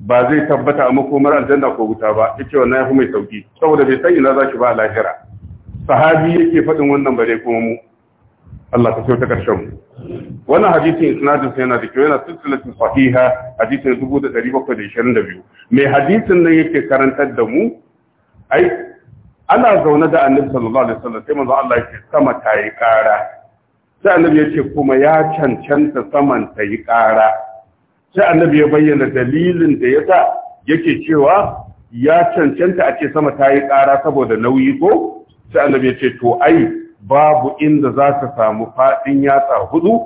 ba zai tabbata a makomar aljanna ko wuta ba yake wannan yafi mai sauki saboda bai san ina zaki ba a lahira sahabi yake faɗin wannan bare kuma mu Allah ta kyauta karshen mu wannan hadisin isnadin sa yana da kyau yana silsilatu sahiha hadisin 1722 mai hadisin nan yake karantar da mu ai ana zaune da annabi sallallahu alaihi wasallam sai manzo Allah yake sama ta yi kara sai annabi yake kuma ya cancanta saman ta yi kara sai annabi ya bayyana dalilin da ya sa yake cewa ya cancanta a ce sama ta yi ƙara saboda nauyi ko sai annabi ya ce to ai babu inda za ta samu faɗin yatsa hudu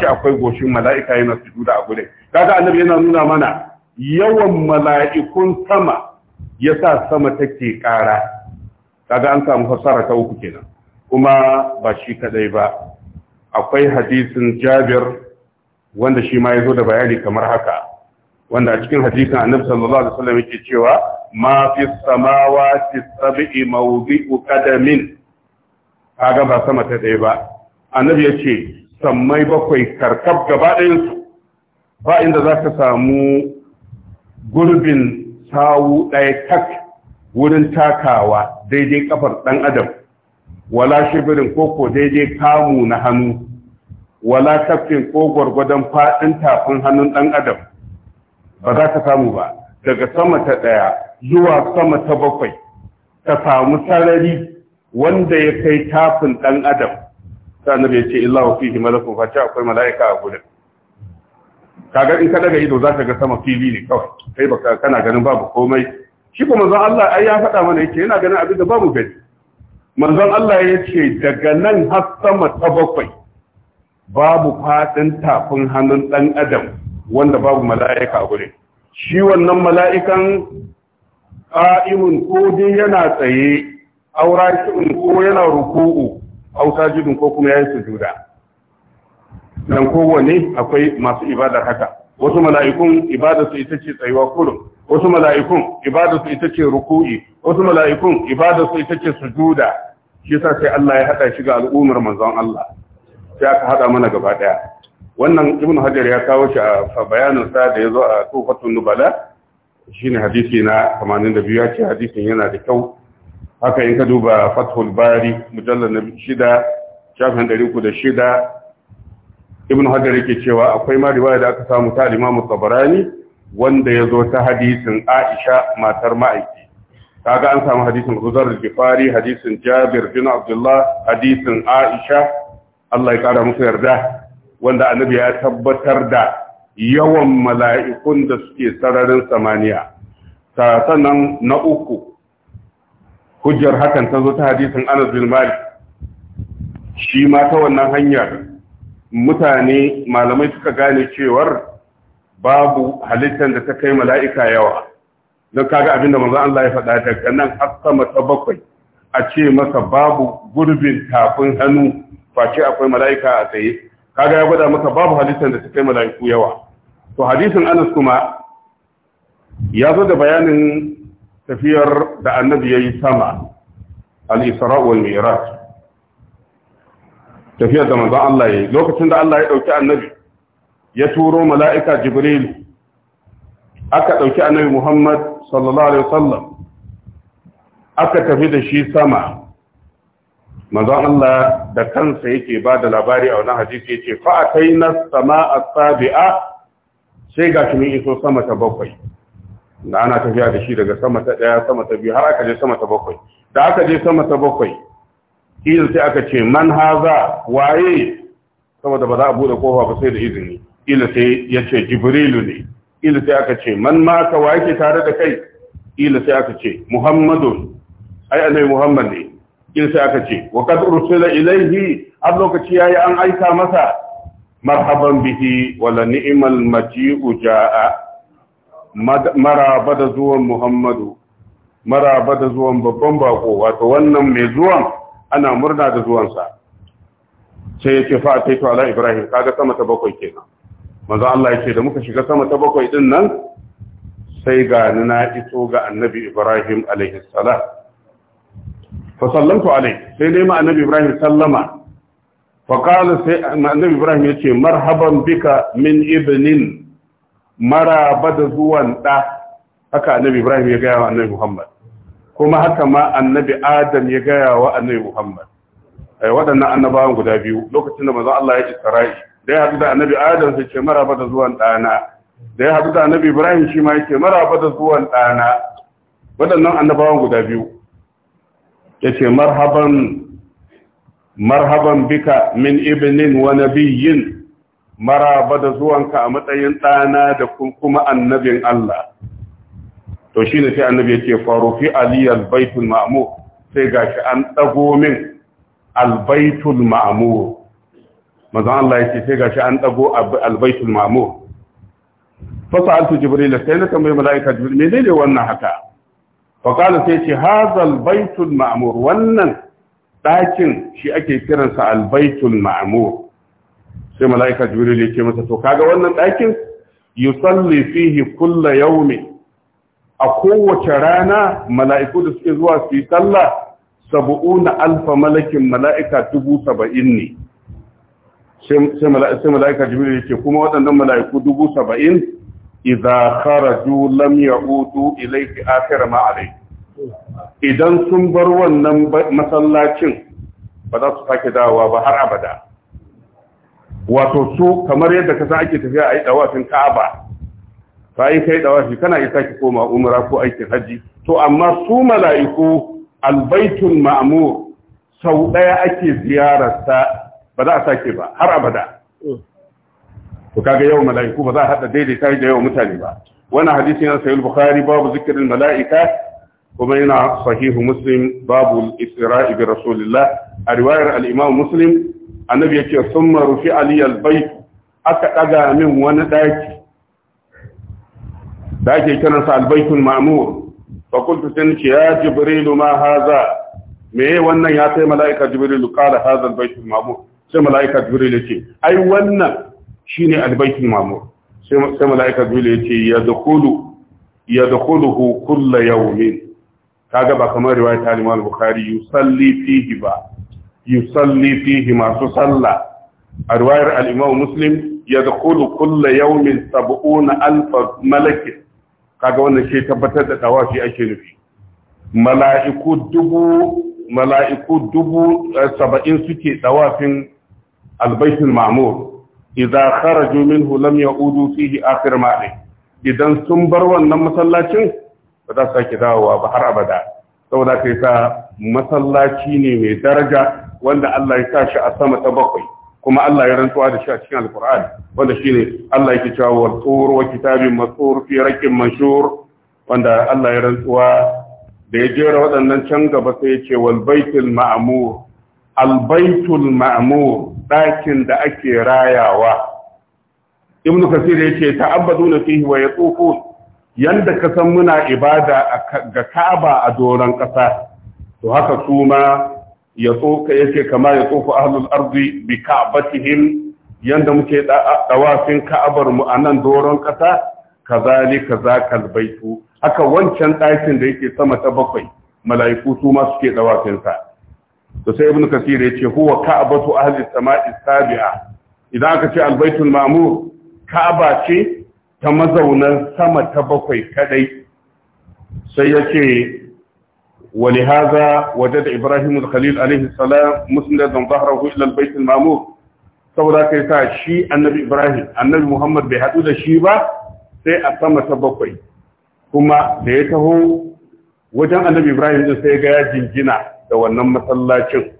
ce akwai goshin mala'ika yana su juda a gurin kaga annabi yana nuna mana yawan mala'ikun sama ya sa sama take ƙara kaga an samu fasara ta uku kenan kuma ba shi kadai ba akwai hadisin jabir wanda shi ma ya zo da bayani kamar haka wanda a cikin hadisin annabi sallallahu alaihi wasallam yake cewa ma fi samawati sab'i mawdi'u qadamin kaga ba sama ta ɗaya ba annabi yace sammai bakwai karkab gaba ɗayan su ba inda za ka samu gurbin sawu ɗaya tak wurin takawa daidai kafar ɗan adam wala shibirin koko daidai kamu na hannu wala kafin ko gwargwadon faɗin tafin hannun ɗan adam ba za ta samu ba daga sama ta ɗaya zuwa sama ta bakwai ta samu sarari wanda ya kai tafin ɗan adam sannan ya ce illahu fihi malakun face akwai mala'ika a gudun kaga in ka daga ido za ka ga sama fili ne kawai kai baka kana ganin babu komai shi kuma manzon Allah ai ya faɗa mana yace yana ganin abin da babu gani manzon Allah ya ce daga nan har sama ta bakwai babu fadin tafin hannun dan adam wanda babu mala'ika a gurin shi wannan mala'ikan ƙa'imun ko dai yana tsaye aura shi'un ko yana ruku'u auta jidun ko kuma yayin sujuda dan kowane akwai masu ibadar haka wasu mala'ikun ibada su ita ce tsayuwa kurum wasu mala'ikun ibada su ita ce ruku'i wasu mala'ikun ibada su ita ce sujuda shi sa sai Allah ya hada shi ga al'ummar manzon Allah sai aka hada mana gaba daya wannan ibnu hajar ya kawo shi a bayanin sa da yazo a tufatun nubala shine hadisi na 82 ya ce hadisin yana da kyau haka in ka duba fathul bari mujallal na 6 shafin 306 ibnu hajar yake cewa akwai ma riwaya da aka samu ta imamu tabarani wanda yazo ta hadisin aisha matar ma'aiki kaga an samu hadisin Uzar al bukhari hadisin Jabir bin Abdullah hadisin Aisha Allah ya kara musu yarda wanda annabi ya tabbatar da yawan mala'ikun da suke sararin samaniya ta sannan na uku hujjar hakan ta zo ta hadisin Anas bin Malik shi ma ta wannan hanyar mutane malamai suka gane cewar babu halittar da ta kai mala'ika yawa don kaga abinda manzon Allah ya faɗa daga nan har sama ta bakwai a ce masa babu gurbin tafin hannu face akwai mala'ika a tsaye kaga ya gwada maka babu halittar da ta kai mala'iku yawa to hadisin Anas kuma ya zo da bayanin tafiyar da annabi ya yi sama al-Isra wal Mi'raj tafiyar da manzon Allah ya yi. lokacin da Allah ya ɗauki annabi ya turo mala'ika Jibril aka ɗauki annabi Muhammad sallallahu alaihi wasallam aka tafi da shi sama manzon Allah da kansa yake ba da labari a wannan hadisi yace fa ataina samaa sabi'a sai ga kimi iso sama ta bakwai da ana tafiya da shi daga sama ta daya sama ta biyu har aka je sama ta bakwai da aka je sama ta bakwai kila sai aka ce man haza waye saboda ba za a bude kofa ba sai da izini Ila sai yace jibrilu ne Ila sai aka ce man ma ka waye tare da kai Ila sai aka ce muhammadun ai annabi muhammad ne in sai aka ce wa kad ursila ilayhi har lokaci yayi an aika masa marhaban bihi wala ni'mal maji'u jaa maraba da zuwan muhammadu maraba da zuwan babban bako wato wannan mai zuwan ana murna da zuwansa sai yake fa sai to ala ibrahim kaga sama ta bakwai kenan manzo Allah yake da muka shiga sama ta bakwai din nan sai ga na iso ga annabi ibrahim alaihi salam fa Ali sai dai ma annabi ibrahim sallama fa sai annabi ibrahim yace marhaban bika min ibnin maraba da zuwan da haka annabi ibrahim ya gaya wa annabi muhammad kuma haka ma annabi adam ya gaya wa annabi muhammad waɗannan annabawan guda biyu lokacin da manzo Allah ya isra'i da ya da annabi adam sai ce maraba da zuwan dana da ya da annabi ibrahim shi ma yake maraba da zuwan dana waɗannan annabawan guda biyu yace marhaban marhaban bika min ibnin wa nabiyyin maraba da zuwanka a matsayin ɗana da kuma annabin Allah to shi ne sai annabi ce yace farufi aliyal baitul ma'mur sai gashi an ɗago min albaitul ma'mur manzon Allah yace sai gashi an dago albaitul ma'mur Fasa sa'altu jibril sai na tambayi malaika jibril menene wannan haka faƙala sai ce hazal baitul ma'amur wannan ɗakin shi ake kiransa albaitul ma'amur sai mala'ika jibril ya ce masa to kaga wannan ɗakin yusalli fihi kulla yawmi a kowace rana mala'iku da suke zuwa su yi sallah sabu'una alfa malakin mala'ika dubu saba'in ne sai mala'ika jibril ya ce kuma waɗannan mala'iku dubu saba'in idza kharaju lam ya'udu ilayhi akhir ma alayhi idan sun bar wannan masallacin ba za su sake dawowa ba har abada wato su kamar yadda ka san ake tafiya a yi dawafin ka'aba yi kai dawafi kana isa ki koma umra ko aikin haji to amma su mala'iku albaitul ma'mur sau daya ake ziyararsa ba za a sake ba har abada to kaga yawan mala'iku ba za a hada daidaita da yawan mutane ba wannan hadisi na sahih bukhari babu zikirin mala'ika kuma yana sahihu muslim babu isra'i bi rasulillah a riwayar al-imam muslim annabi yake summa rufi ali al-bayt aka daga min wani daki da ake kiran sa al-baytul ma'mur fa qultu tin ya jibril ma hadha me wannan ya sai mala'ika jibril qala hadha al-baytul ma'mur sai mala'ika jibril yace ai wannan shine albaitul mamur sai mala'ika dole yace ya dakulu ya dakuluhu kullu yawmin kaga ba kamar riwayat Imam al-Bukhari yusalli fihi ba yusalli fihi masu salla a riwayar al-Imam Muslim ya dakulu kullu yawmin 70000 malaki kaga wannan ke tabbatar da tawafi ake nufi mala'iku dubu mala'iku dubu eh, saba'in suke dawafin albaitul mamur idza jumin minhu lam ya'udu fihi akhir ma'li idan sun bar wannan masallacin ba za su sake dawowa ba har abada saboda kai sa masallaci ne mai daraja wanda Allah ya shi a sama ta bakwai kuma Allah ya rantsuwa da shi a cikin alkur'ani wanda shine Allah yake cewa wal tur kitabin masur fi raqin manshur wanda Allah ya rantsuwa da ya jera waɗannan can gaba sai ya ce wal baitul ma'mur al baitul ma'mur ɗakin da ake rayawa ibn kasir yace na fihi wa yatufun yanda ka san muna ibada ga Ka'aba a doran ƙasa to haka su ma tsoka yake kama yatsufu ahlul ardi bi ka'batihim yanda muke dawafin Ka'abar mu a nan doron ƙasa kazalika zakal baitu haka wancan ɗakin da yake sama ta bakwai mala'iku su ma suke dawafin sa to sai ibn kasir ya ce huwa ka'batu ahli samai sabi'a idan aka ce albaitul ma'mur ka'aba ce ta mazaunan sama ta bakwai kadai sai ya ce Ibrahim وجد إبراهيم الخليل عليه السلام مسندا ظهره إلى البيت المعمور saboda kai sa shi annabi Ibrahim annabi Muhammad bai haɗu da shi ba sai a sama ta bakwai kuma da ya taho wajen annabi Ibrahim din sai ga ya jingina da wannan masallacin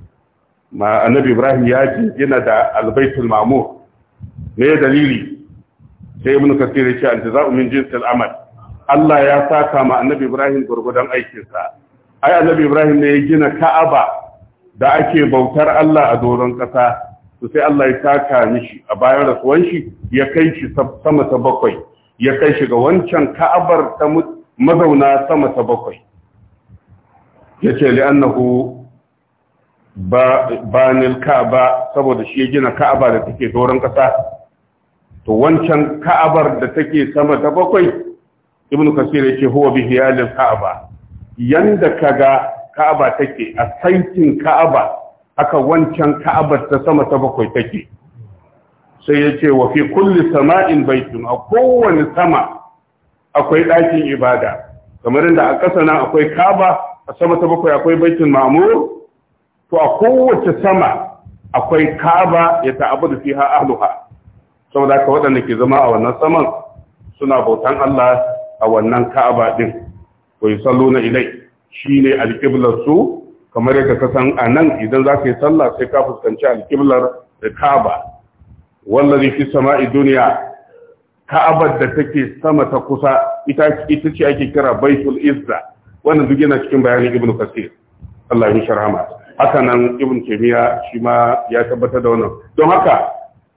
ma annabi ibrahim ya jingina da albaitul mamur me dalili sai ibn kasir yace aljaza'u min jinsil amal Allah ya saka ma annabi ibrahim gurgudan aikinsa ai annabi ibrahim ne ya gina ka'aba da ake bautar Allah a doron kasa to sai Allah ya saka mishi a bayan rasuwan shi ya kai shi sama ta bakwai ya kai shi ga wancan ka'abar ta mazauna sama ta bakwai yace li'annahu ba banil ka'aba saboda shi ya gina ka'aba da take doron kasa to wancan ka'abar da take sama ta bakwai ibnu kasir yake huwa bi hiyalil ka'aba yanda kaga ka'aba take a saitin ka'aba aka wancan ka'abar ta sama ta bakwai take sai ya ce wa fi kulli sama'in baitun a kowane sama akwai ɗakin ibada kamar inda a ƙasa na akwai ka'aba. a sama ta bakwai akwai baitul ma'mur to a kowace sama akwai kaba ya ta'abudu fiha ahluha saboda ka waɗanda ke zama a wannan saman suna bautan Allah a wannan ka'aba din Salo na ilai shine alqiblar su kamar yadda ka san a idan zaka yi sallah sai ka fuskanci alqiblar ka'aba wallazi fi sama'i dunya ka'abar da take sama ta kusa ita ita ce ake kira baitul izza wannan duk yana cikin bayanin ibn kasir Allah ya shara ma haka nan ibn taymiya shi ma ya tabbatar da wannan don haka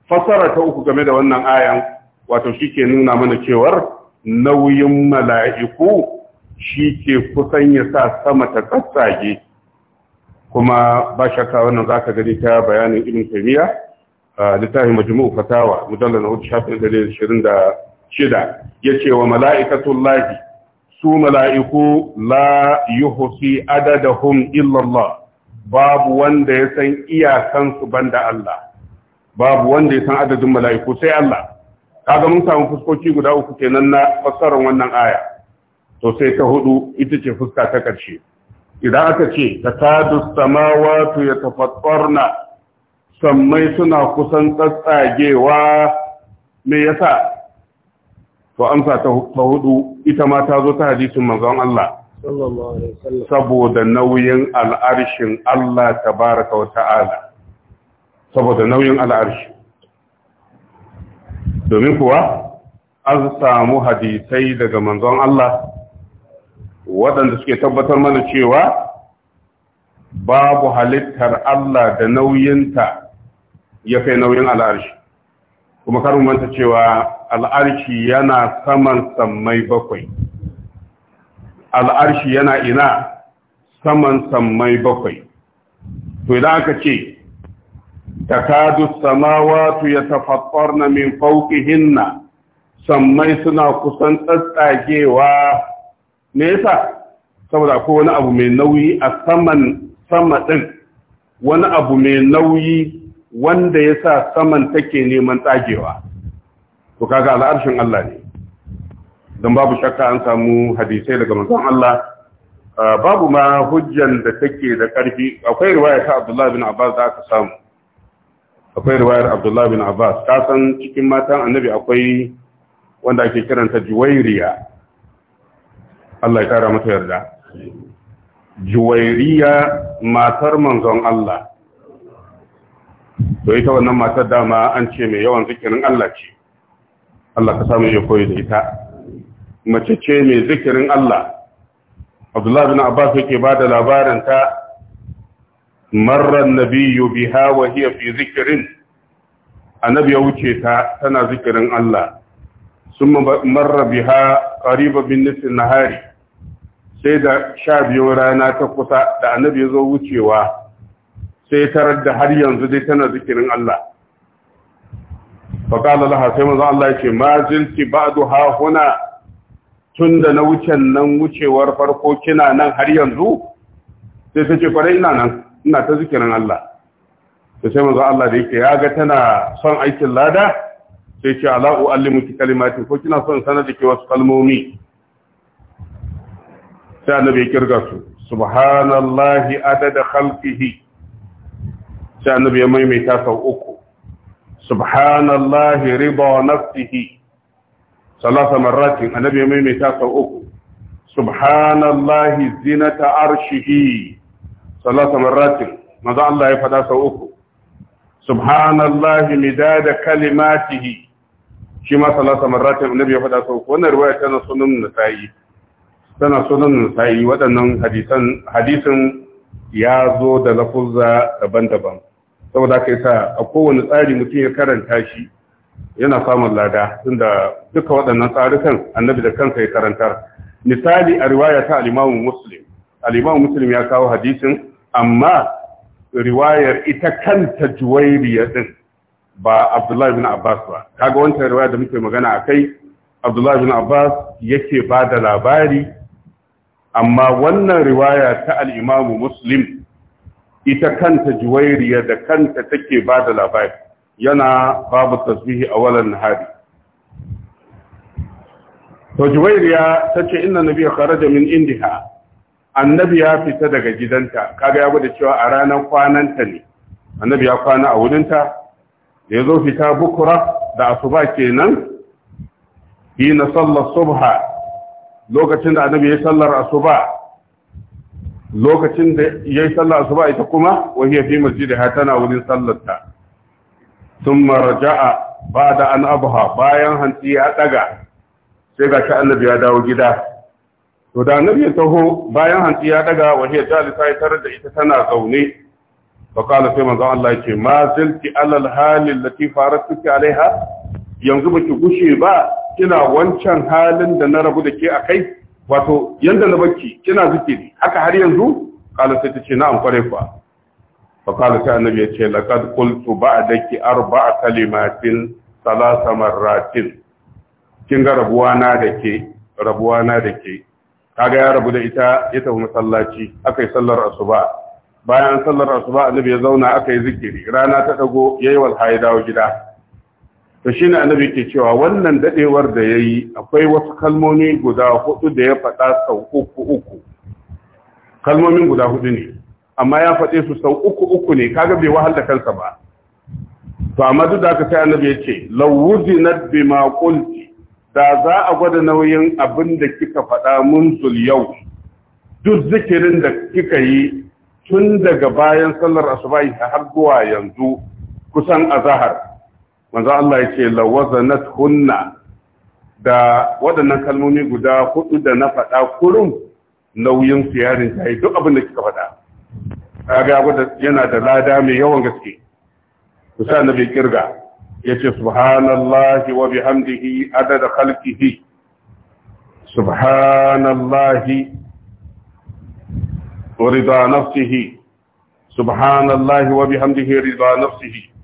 fassara ta uku game da wannan ayan wato shike nuna mana cewar nauyin mala'iku shi ke kusan ya sa sama ta tsage. kuma ba shakka wannan zaka gani ta bayanin ibn taymiya littafin majmu'u fatawa mujallal na 26 yace wa mala'ikatullahi su mala'iku la yuhsi adadahum illa Allah babu wanda ya san iyakansu banda Allah babu wanda ya san adadin mala'iku sai Allah kaga mun samu fuskoki guda uku kenan na fassarar wannan aya to sai ta hudu ita ce fuska ta karshe idan aka ce ta tadu samawatu ya sammai suna kusan tsatsagewa me yasa to amsa ta hudu ita ma ta zo ta hadisin manzon Allah saboda nauyin al'arshin Allah tabaraka saboda nauyin al'arshi domin kuwa an samu hadisai daga manzon Allah waɗanda suke tabbatar mana cewa babu halittar Allah da nauyinta ya kai nauyin al'arshi kuma karin manta cewa al'arshi yana saman sammai bakwai al'arshi yana ina saman sammai bakwai to idan aka ce takadu samawatu yatafattarna min hinna sammai suna kusan tsatsagewa me yasa saboda akwai wani abu mai nauyi a saman sama din wani abu mai nauyi wanda ya sa saman take neman tsagewa to kaga al'arshin Allah ne don babu shakka an samu hadisai daga manzon Allah babu ma hujjan da take da ƙarfi akwai riwaya ta Abdullah bin Abbas da aka samu akwai riwayar Abdullah bin Abbas ka san cikin matan annabi akwai wanda ake kiranta Juwairiya Allah ya kara mata yarda Juwairiya matar manzon Allah to ita wannan matar dama an ce mai yawan zikirin Allah ce Allah ka samu ya koyi da ita mace ce mai zikirin Allah Abdullah bin Abbas yake ba da labarin ta marran nabiyyu biha wa hiya fi zikrin annabi ya wuce ta tana zikirin Allah summa marra biha qariba bin nisfi nahari sai da sha biyu rana ta kusa da annabi ya zo wucewa sai tarar da har yanzu dai tana zikirin Allah faƙala laha sai manzo Allah ya ce ma zilti ba'du ha huna tunda na wucen nan wucewar farko kina nan har yanzu sai ta ce kwarai ina nan ina ta zikirin Allah Sai sai manzo Allah da yake ya ga tana son aikin lada sai ce ala uallimuki kalimatin ko kina son sanar da ke wasu kalmomi sai annabi ya kirga su subhanallahi adada khalqihi sai annabi ya maimaita sau uku subhanallahi rida nafsihi salasa marratin annabi ya maimaita sau uku subhanallahi zinata arshihi salasa marratin manzo Allah ya fada sau uku subhanallahi midada kalimatihi shi ma salasa marratin annabi ya fada sau uku wannan riwaya tana sunan nasa'i tana sunan nasa'i waɗannan hadisan hadisin ya zo da lafuzza daban-daban saboda aka yi sa a kowane tsari mutum ya karanta shi yana samun lada tunda duka waɗannan tsarukan annabi da kansa ya karantar misali a riwaya ta alimamu muslim alimamu muslim ya kawo hadisin amma riwayar ita kanta juwairiya din ba abdullahi bin abbas ba kaga wancan riwaya da muke magana a kai abdullahi bin abbas yake ba da labari amma wannan riwaya ta al'imamu muslim ita kanta juwairiya da kanta take ba da labari yana babu tasbihi a walan nahari to juwairiya ta ce inna nabi ya kharaja min indiha annabi ya fita daga gidanta kaga ya gwada cewa a ranar kwananta ne annabi ya kwana a wurinta da ya zo fita bukura da asuba kenan hina sallar subha lokacin da annabi ya sallar asuba lokacin da ya yi sallah asuba ita kuma ya fi masjidiha tana wurin sallarta sun maraja'a ba da an abuha bayan hantsi ya ɗaga sai ga annabi ya dawo gida to da annabi ya taho bayan hantsi ya ɗaga wahiyar jalisa ya tarar da ita tana zaune fa kala sai manzon Allah ya ce ma zilti alal halin lati faratuki alaiha yanzu baki gushe ba kina wancan halin da na rabu da ke a kai? wato yanda na bakki kina zikiri haka har yanzu kala sai ta ce kware kwa fa kala sai annabi ya ce laqad qultu ba'daki arba'a kalimatin thalatha marratin kin ga rabuwa na da ke rabuwa na da ke kaga ya rabu da ita ya tafi masallaci akai sallar asuba bayan sallar asuba annabi ya zauna akai zikiri rana ta dago yayi wal dawo gida to shi ne annabi ke cewa wannan daɗewar da ya yi akwai wasu kalmomi guda hudu da ya faɗa sau uku uku kalmomin guda hudu ne amma ya faɗe su sau uku uku ne kaga bai wahal da kansa ba to amma duk da aka sai annabi ya ce bi ma qulti da za a gwada nauyin abin da kika faɗa munzul yau duk zikirin da kika yi tun daga bayan sallar asubahi har zuwa yanzu kusan azahar manzo Allah yake lawazanat hunna da waɗannan kalmomi guda hudu da na faɗa kurum nauyin su siyarin ta duk abin da kika faɗa kaga wanda yana da lada mai yawan gaske kusa na bai kirga yace subhanallahi wa bihamdihi adada khalqihi subhanallahi wa rida nafsihi subhanallahi wa bihamdihi rida nafsihi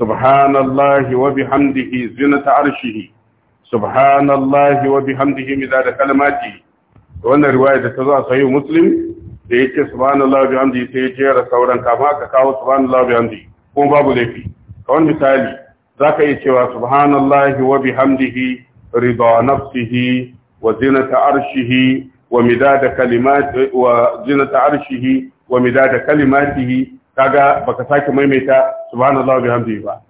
سبحان الله وبحمده زنة عرشه سبحان الله وبحمده مداد كلماته وانا رواية تضع صحيح مسلم ليك سبحان الله وبحمده سيجير سورا كما كاو سبحان الله وبحمده كون بابو لفي كون مثالي ذاك يتوى سبحان الله وبحمده رضا نفسه وزنة عرشه ومداد كلمات وزنة عرشه ومداد كلماته kaga baka sake maimaita subhanallahi bihamdihi ba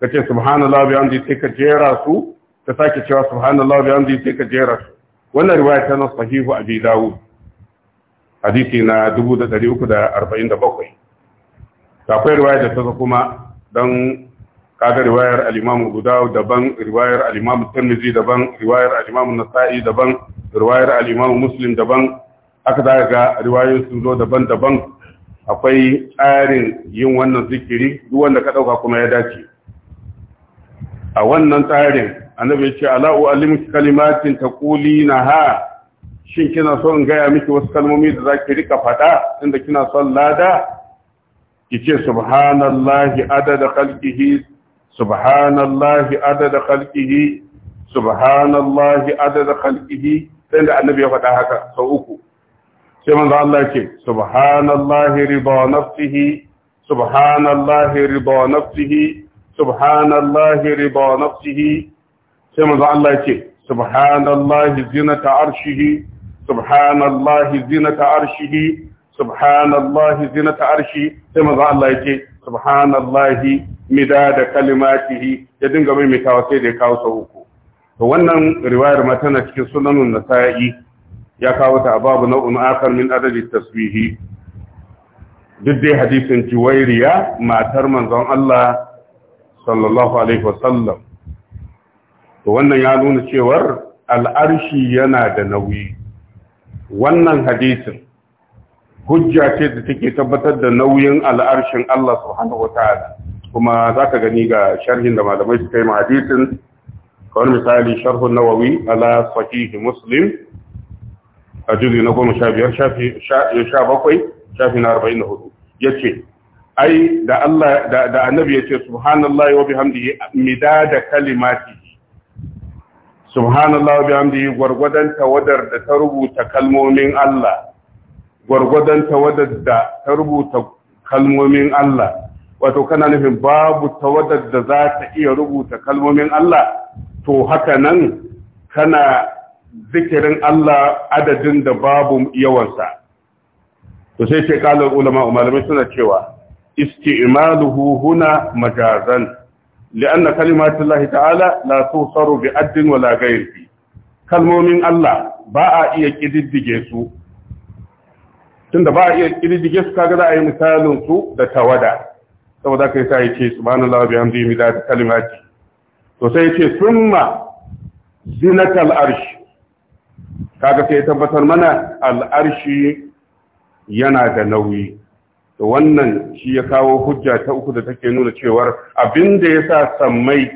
kace subhanallahi bihamdihi sai ka jera su ka sake cewa subhanallahi bihamdihi sai ka jera su wannan riwaya tana sahihu abi dawud hadisi na ta akwai riwaya da ta kuma don kaga riwayar al-Imam Gudaw daban riwayar al-Imam Tirmidhi daban riwayar al-Imam Nasa'i daban riwayar al-Imam Muslim daban aka daga riwayoyin sun zo daban-daban akwai tsarin yin wannan zikiri duk wanda ka dauka kuma ya dace a wannan tsarin annabi ya ce ala uallimuki kalimatin na ha shin kina so in gaya miki wasu kalmomi da zaki rika fada inda kina son lada kice subhanallahi adada khalqihi subhanallahi adada khalqihi subhanallahi adada khalqihi sai da annabi ya faɗa haka sau uku sai manzo Allah ce subhanallahi rida nafsihi subhanallahi rida nafsihi subhanallahi rida nafsihi sai manzo Allah ce subhanallahi zinata arshihi subhanallahi zinata arshihi subhanallahi zinata arshi sai manzo Allah ce subhanallahi midada kalimatihi ya dinga maimaitawa sai da ya kawo sau uku to wannan riwayar ma tana cikin sunanun nasa'i ya kawo ta babu nau'in akar min adadi tasbihi duk dai hadisin juwairiya matar manzon Allah sallallahu alaihi sallam. to wannan ya nuna cewar al'arshi yana da nauyi wannan hadisin hujja ce da take tabbatar da nauyin al'arshin Allah subhanahu wataala kuma zaka gani ga sharhin da malamai suka yi ma hadisin kawai misali sharhun nawawi ala sahih muslim a na goma sha biyar sha bakwai shafi na arba'in da hudu ya ce ai da Allah da annabi ya ce subhanallahi wa bihamdihi midada kalimati subhanallahi wa bihamdihi gwargwadon tawadar da ta rubuta kalmomin Allah gwargwadon tawadar da ta rubuta kalmomin Allah wato kana nufin babu tawadar da za ta iya rubuta kalmomin Allah to haka nan kana zikirin Allah adadin da babu yawansa to sai ce kalar ulama malamai suna cewa isti'maluhu huna majazan li'anna kalimatullahi ta'ala la tusaru bi addin wala ghayri kalmomin Allah ba a iya kididdige su tunda ba a iya kididdige su kaga za a yi misalin su da tawada saboda kai sai ce subhanallahi bihamdihi midad kalimati to sai ce summa zinatal arsh kaga sai tabbatar mana al'arshi yana da nauyi to wannan shi ya kawo hujja ta uku da take nuna cewar abinda ya sa sammai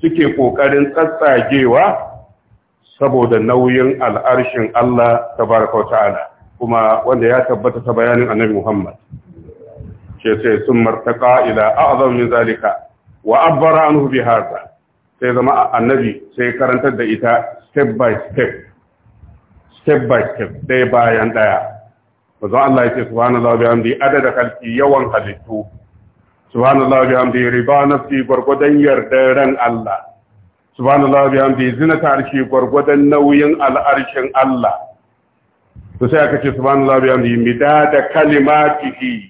suke kokarin tsatsagewa saboda nauyin al'arshin Allah tabaraka wa ta'ala kuma wanda ya tabbata ta bayanin annabi Muhammad ce sai sun martaka ila a'zam min zalika wa abbara anhu bi hadha sai zama annabi sai karantar da ita step by step step by step ɗaya bayan ɗaya bazan Allah yake subhanallahi bihamdi adada kalki yawan halittu subhanallahi bihamdi riba nafsi gurgudan yardar ran Allah subhanallahi bihamdi zinata arshi gurgudan nauyin al'arshin Allah to sai aka ce subhanallahi bihamdi midada kalimatihi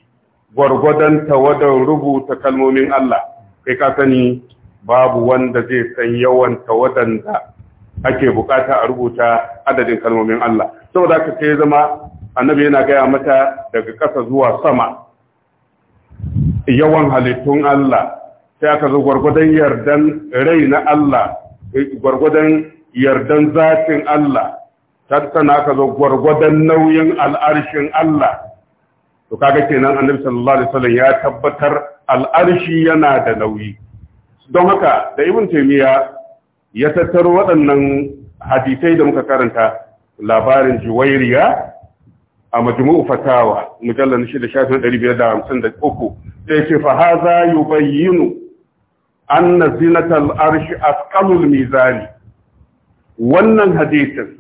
gurgudan tawadan rubuta kalmomin Allah kai ka sani babu wanda zai san yawan tawadan da ake bukata a rubuta adadin kalmomin Allah saboda haka sai zama annabi yana gaya mata daga ƙasa zuwa sama yawan halittun Allah sai aka zo gwargwadon yardan rai na Allah gwargwadon yardan zatin Allah tattana aka zo gwargwadon nauyin al'arshin Allah to kaga kenan annabi sallallahu alaihi wasallam ya tabbatar al'arshi yana da nauyi don haka da ibn taymiya ya tattaro waɗannan hadisai da muka karanta labarin juwairiya a majmu'u fatawa da uku. sai ce fa haza yubayyinu anna zinatal arshi asqalul mizani wannan hadisin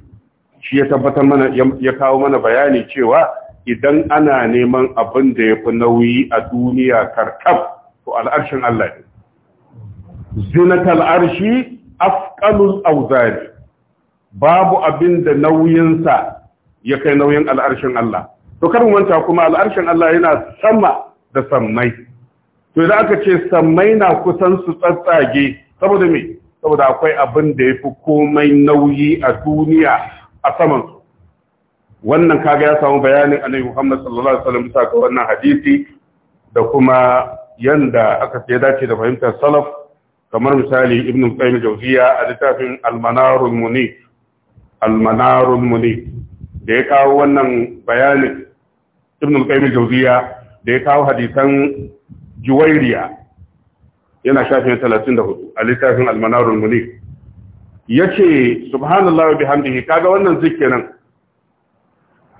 shi ya tabbatar mana ya kawo mana bayani cewa idan ana neman abin da ya fi nauyi a duniya karkab to al'arshin Allah ne zinatal arshi asqalul awzari babu abin da nauyinsa ya kai nauyin al'arshin Allah to kar manta kuma al'arshin Allah yana sama da sammai to idan aka ce sammai na kusan su tsatsage saboda me saboda akwai abin da yafi komai nauyi a duniya a saman su wannan kaga ya samu bayanin annabi Muhammad sallallahu alaihi wasallam bisa ga wannan hadisi da kuma yanda aka ce dace da fahimtar salaf kamar misali ibn qayyim jawziya a littafin al-manarul munif al-manarul munif da ya kawo wannan bayanin ibn qayyim jawziya da ya kawo hadisan juwairiya yana shafin 34 a littafin al-manarul munif yace subhanallahi wa bihamdihi kaga wannan zikirin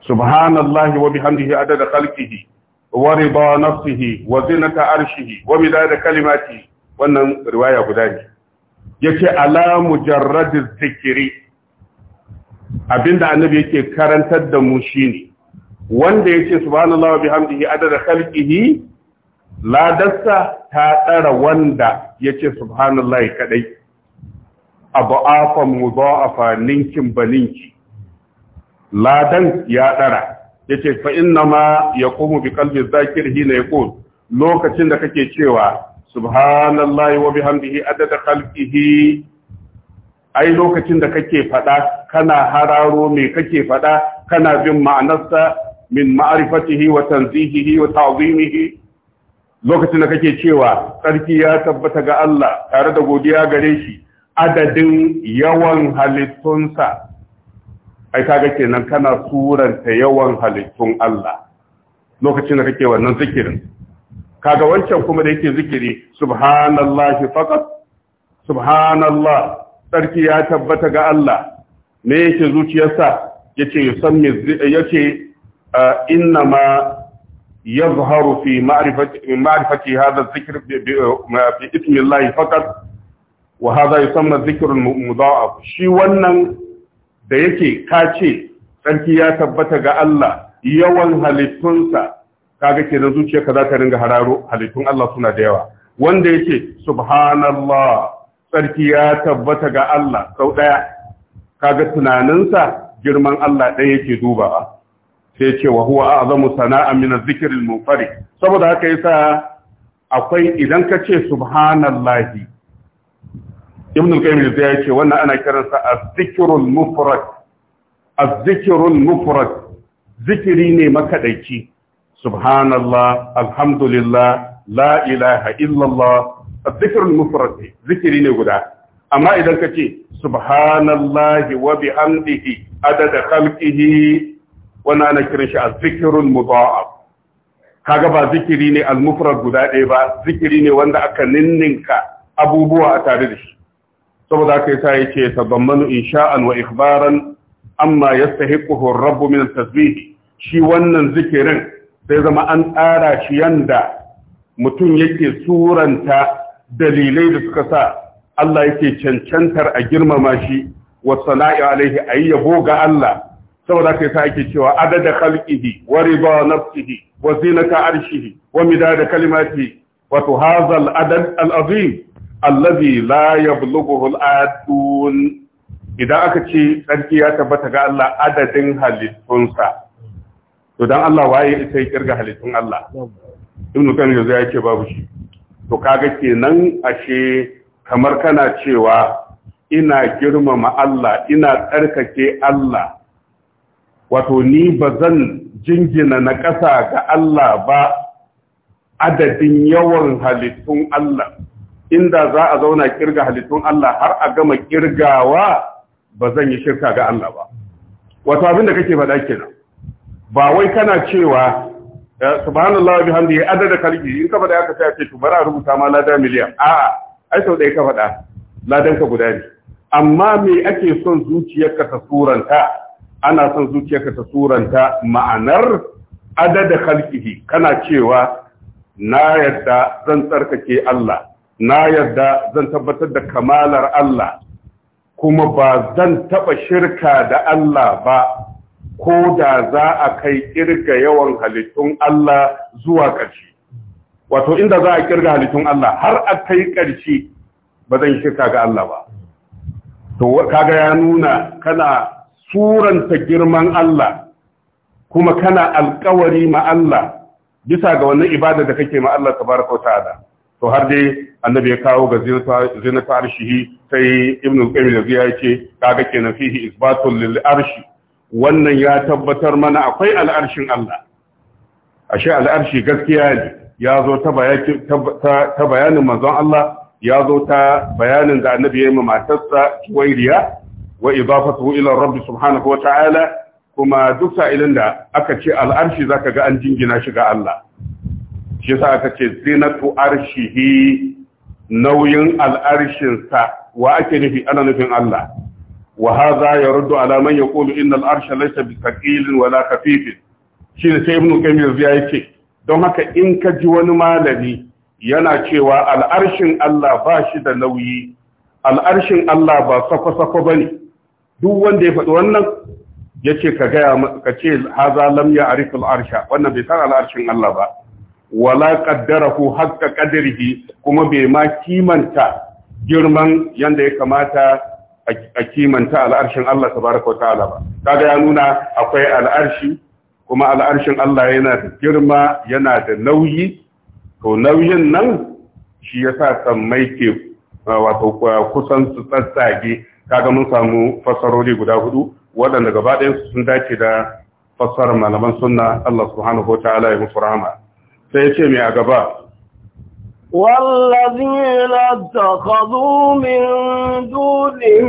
subhanallahi wa bihamdihi adada khalqihi wa rida nafsihi wa zinata arshihi wa midada kalimatihi wannan riwaya guda ne yace ala mujarradiz zikiri abinda annabi yake karantar da mu shine wanda yace subhanallahi bihamdihi adada khalqihi ladarsa ta tsara wanda yace subhanallahi kadai abu afa mudafa ninkin baninki ladan ya tsara yace fa inna ma yaqumu bi qalbi zakir hina yaqul lokacin da kake cewa subhanallahi wa وبحمده عدد خلقه ai lokacin da kake fada kana hararo me kake fada kana bin ma'anarsa min ma'rifatihi wa tanzihihi wa ta'zimihi lokacin da kake cewa sarki ya tabbata ga Allah tare da godiya gare shi adadin yawan halittunsa ai kaga kenan kana suranta yawan halittun Allah lokacin da kake wannan zikirin kaga wancan kuma da yake zikiri subhanallahi faqat subhanallah sarki ya tabbata ga Allah me yake zuciyarsa yace yusammi yace inna ma يظهر في معرفة معرفة هذا الذكر Wa الله فقط وهذا يسمى الذكر المضاعف Shi wannan da yake kace sarki ya tabbata ga Allah yawan halittunsa kaga kenan zuciyarka za ta ringa hararo halittun Allah suna da yawa wanda yake subhanallah tsarki ya tabbata ga Allah sau daya kaga tunaninsa girman Allah ɗaya yake dubawa sai ce wa huwa a'zamu sana'a min az dhikr al-munfarid saboda haka yasa akwai idan ka ce subhanallah, ibn al-qayyim ya ce wannan ana kiransa az-zikrul mufrad az-zikrul mufrad zikiri ne makadaici subhanallah alhamdulillah la ilaha illallah zikirin mufrad zikiri ne guda amma idan ka ce subhanallah wa bihamdihi adada khalqihi wannan ana kiran shi azzikrul mudha'af kaga ba zikiri ne almufrad guda ɗaya ba zikiri ne wanda aka ninninka abubuwa a tare da shi saboda haka yasa yace tabammanu insha'an wa ikhbaran amma yastahiquhu ar-rabb min at-tasbih shi wannan zikirin sai zama an tsara shi yanda mutum yake suranta dalilai da suka sa Allah yake cancantar a girmama shi wasu sana'i alaihi yabo ga Allah saboda kai sa ake cewa adada khalqihi wa rida nafsihi wa zinata arshihi wa midada kalimatihi wa hadha al-adad al-azim alladhi la yablughuhu al-adun idan aka ce sarki ya tabbata ga Allah adadin halittunsa to dan Allah waye sai kirga halittun Allah ibnu kan yanzu ya ce babu shi to kaga kenan ashe kamar kana cewa ina girmama Allah ina tsarkake Allah wato ni bazan jingina na ƙasa ga Allah ba adadin yawan halittun Allah inda za a zauna kirga halittun Allah har a gama kirgawa ba zan yi shirka ga Allah ba wato abin da kake faɗa kenan ba wai kana cewa subhanallahi bihamdihi adada kalbi in ka faɗa ka ta ce to bara rubuta ma lada miliyan a'a ai sau ɗaya ka faɗa ladan ka guda ne amma me ake son zuciyarka ta suranta ana son zuciyarka ta suranta ma'anar adada kalbi kana cewa na yadda zan tsarkake Allah na yadda zan tabbatar da kamalar Allah kuma ba zan taɓa shirka da Allah ba ko da za a kai kirga yawan halittun Allah zuwa ƙarshe wato inda za a kirga halittun Allah har a kai ƙarshe ba zan shirka ga Allah ba to kaga ya nuna kana suranta girman Allah kuma kana alkawari ma Allah bisa ga wannan ibada da kake ma Allah tabaraka ta'ala to har dai annabi ya kawo ga zinata arshihi sai Ibn qayyim da ya ce kaga kenan fihi isbatul lil arshi wannan ya tabbatar mana akwai al'arshin Allah ashe al'arshi gaskiya ne ya zo ta bayanin manzon Allah ya zo ta bayanin da annabi ya yi matarsa Juwairiya wa idafatu ila rabbi subhanahu wa ta'ala kuma duk sa'ilin da aka ce al'arshi zaka ga an jingina shi ga Allah shi yasa aka ce zinatu arshihi nauyin al'arshinsa wa ake nufi ana nufin Allah وهذا يرد على من يقول إن الأرش ليس بثقيل ولا خفيف شيء sai ibnu qayyim ya ce don haka in ka ji wani malami yana cewa al'arshin Allah ba shi da nauyi al'arshin Allah ba sako-sako bane duk wanda ya faɗi wannan yace ka gaya ka ce haza lam ya arifu al'arsha wannan bai san al'arshin Allah ba wala qaddarahu haqqa qadrihi kuma bai ma kimanta girman yanda ya kamata a kimanta al'arshin Allah tabaraka wa ta'ala ba kaga ya nuna akwai al'arshi kuma al'arshin Allah yana da girma yana da nauyi to nauyin nan shi sa sammai ke wato kusan su tsatsage ga mun samu fasarori guda hudu waɗanda gaba ɗaya sun dace da fassarar malaman sunna Allah subhanahu wa ta'ala ya rahama sai ya ce mai a gaba والذين اتخذوا من دونه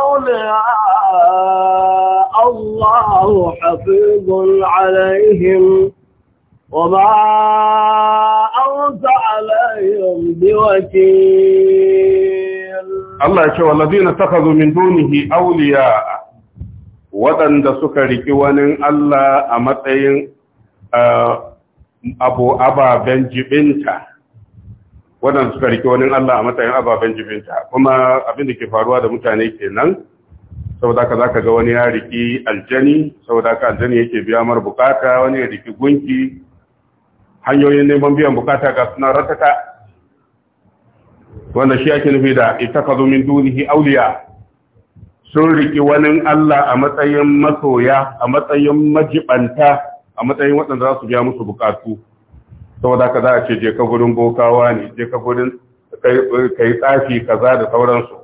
أولياء الله حفيظ عليهم وما أنت عليهم بوكيل الله يشوى الذين اتخذوا من دونه أولياء وَدَنْدَ suka riki wani Allah a abu ababen jibinta waɗanda suka rike wani Allah a matsayin ababen jibinta kuma abin da ke faruwa da mutane kenan saboda ka za ka ga wani ya riki aljani saboda ka aljani yake biya mar bukata wani ya riki gunki hanyoyin neman biyan bukata ga suna rataka wanda shi ake nufi da ita ka min dunihi auliya sun riki wani Allah a matsayin masoya a matsayin majibanta a matsayin waɗanda za su biya musu bukatu saboda ka za a ce je ka gudun bokawa ne je ka ka yi tsafi kaza da sauransu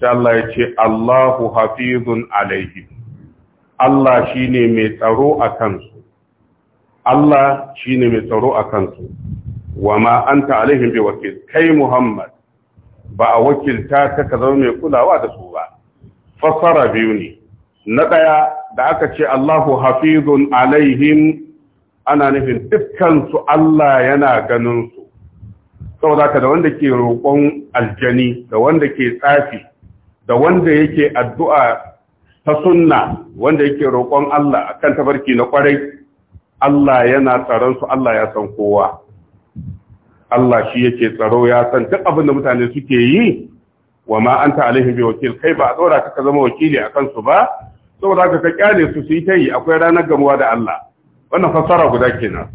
sai Allah ya ce Allahu hafizun alaihi Allah shine mai tsaro a kansu Allah shine mai tsaro a kansu wama anta alaihim bi wakil kai Muhammad ba a wakilta ta ka zama mai kulawa da su ba fassara biyu ne na daya da aka ce Allahu hafizun alaihim ana nufin dukkansu Allah yana ganinsu. su saboda ka da wanda ke roƙon aljani da wanda ke tsafi da wanda yake addu'a ta sunna wanda yake roƙon Allah akan tabarki na kwarai Allah yana tsaron su Allah ya san kowa Allah shi yake tsaro ya san duk abin da mutane suke yi wa ma anta alaihim biwakil kai ba a tsora ka zama wakili a kansu ba saboda haka ka kyale su su yi ta yi akwai ranar gamuwa da Allah wannan fassara guda kenan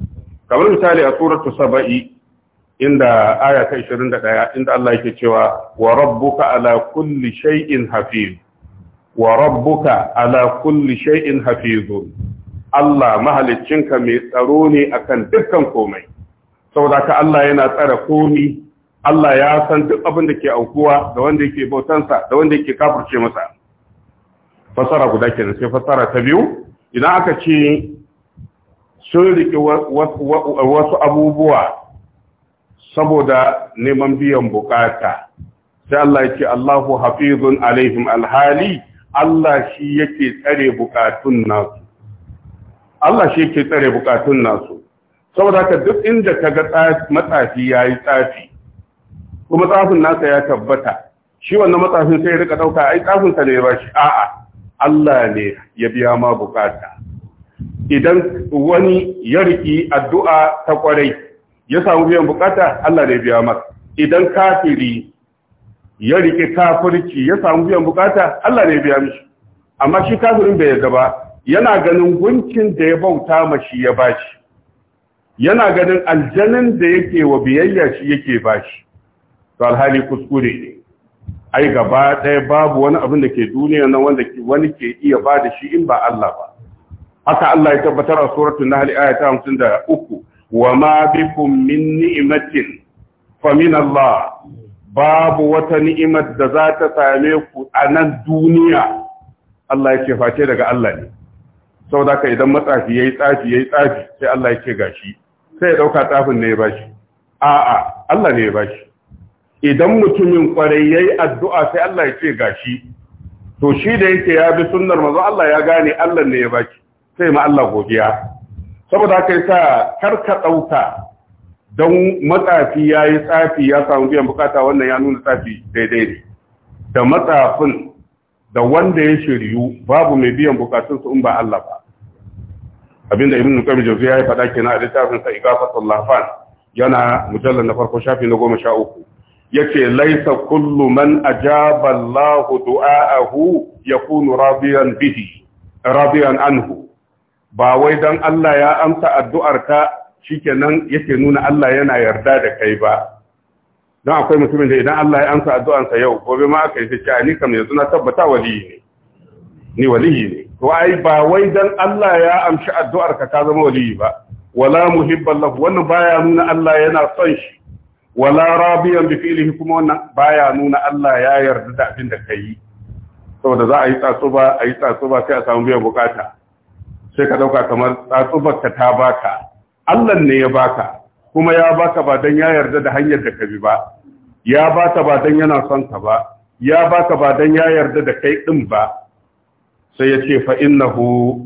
kamar misali a suratu saba'i inda aya ta 21 inda Allah yake cewa wa rabbuka ala kulli shay'in hafiz wa rabbuka ala kulli shay'in hafiz Allah ka mai tsaro ne akan dukkan komai saboda ka Allah yana tsara komi Allah ya san duk abin da ke aukuwa da wanda yake bautansa da wanda yake kafirce masa fasara guda da sai fasara ta biyu idan aka ce sun riƙe wasu abubuwa saboda neman biyan bukata sai Allah ya ce Allahu hafizun alaihim alhali Allah shi yake tsare bukatun nasu Allah shi yake tsare bukatun nasu saboda ka duk inda ka ga matsafi yi tsafi kuma tsafin nasa ya tabbata shi wannan matsafin sai ya rika ɗauka, ai tsafinsa ne ba shi a'a Allah ne ya biya ma bukata idan wani ya riki addu'a ta ƙwarai, ya samu biyan bukata Allah ne biya ma. idan kafiri ya rike kafirci ya samu biyan bukata Allah ne ya biya mishi amma shi kafirin bai yarda ba yana ganin gunkin da ya bauta mashi ya bashi yana ganin aljanin da yake wa biyayya shi yake bashi to alhali kuskure ne ai gaba ɗaya babu wani abin da ke duniya nan wanda wani ke iya ba da shi in ba Allah ba haka Allah ya tabbatar a suratul nahl aya ta 53 wa ma bikum min ni'matin fa min Allah babu wata ni'imar da za ta same ku a nan duniya Allah ya ce face daga Allah ne saboda ka idan matsafi yayi tsafi yayi tsafi sai Allah ya ce gashi sai ya dauka tsafin ne ya bashi a'a Allah ne ya bashi idan mutumin kwarai yi addu'a sai Allah ya ce ga shi, to shi da yake ya bi sunnar mazu Allah ya gane Allah ne ya ki, sai ma Allah godiya saboda haka sa karka ɗauka don matsafi ya yi tsafi ya samu biyan bukata wannan ya nuna tsafi daidai ne da matsafin da wanda ya shiryu babu mai biyan bukatunsu in ba Allah ba abinda ibn ya faɗa kenan a littafin sa igafatul lafan yana mujallar na farko shafi na uku. yake laisa kullu man ajaba Allahu du'aahu yakunu radiyan bihi radiyan anhu ba wai dan Allah ya amsa addu'arka shikenan yake nuna Allah yana yarda da kai ba dan akwai mutumin da idan Allah ya amsa addu'ansa yau gobe ma aka yi ta ni kam yanzu na tabbata waliyi ne ni waliyi ne to ai ba wai dan Allah ya amshi addu'arka ka zama waliyi ba wala muhibban lahu wannan baya nuna Allah yana son shi wala rabiyan bi fi'lihi kuma wannan baya nuna Allah ya yarda da abin da kai saboda za a yi tsatsuba a yi tsatsuba sai a samu biyan bukata sai ka dauka kamar tsatsubar ka ta baka Allah ne ya baka kuma ya baka ba dan ya yarda da hanyar da ka bi ba ya baka ba dan yana son ka ba ya baka ba dan ya yarda da kai din ba sai ya ce fa innahu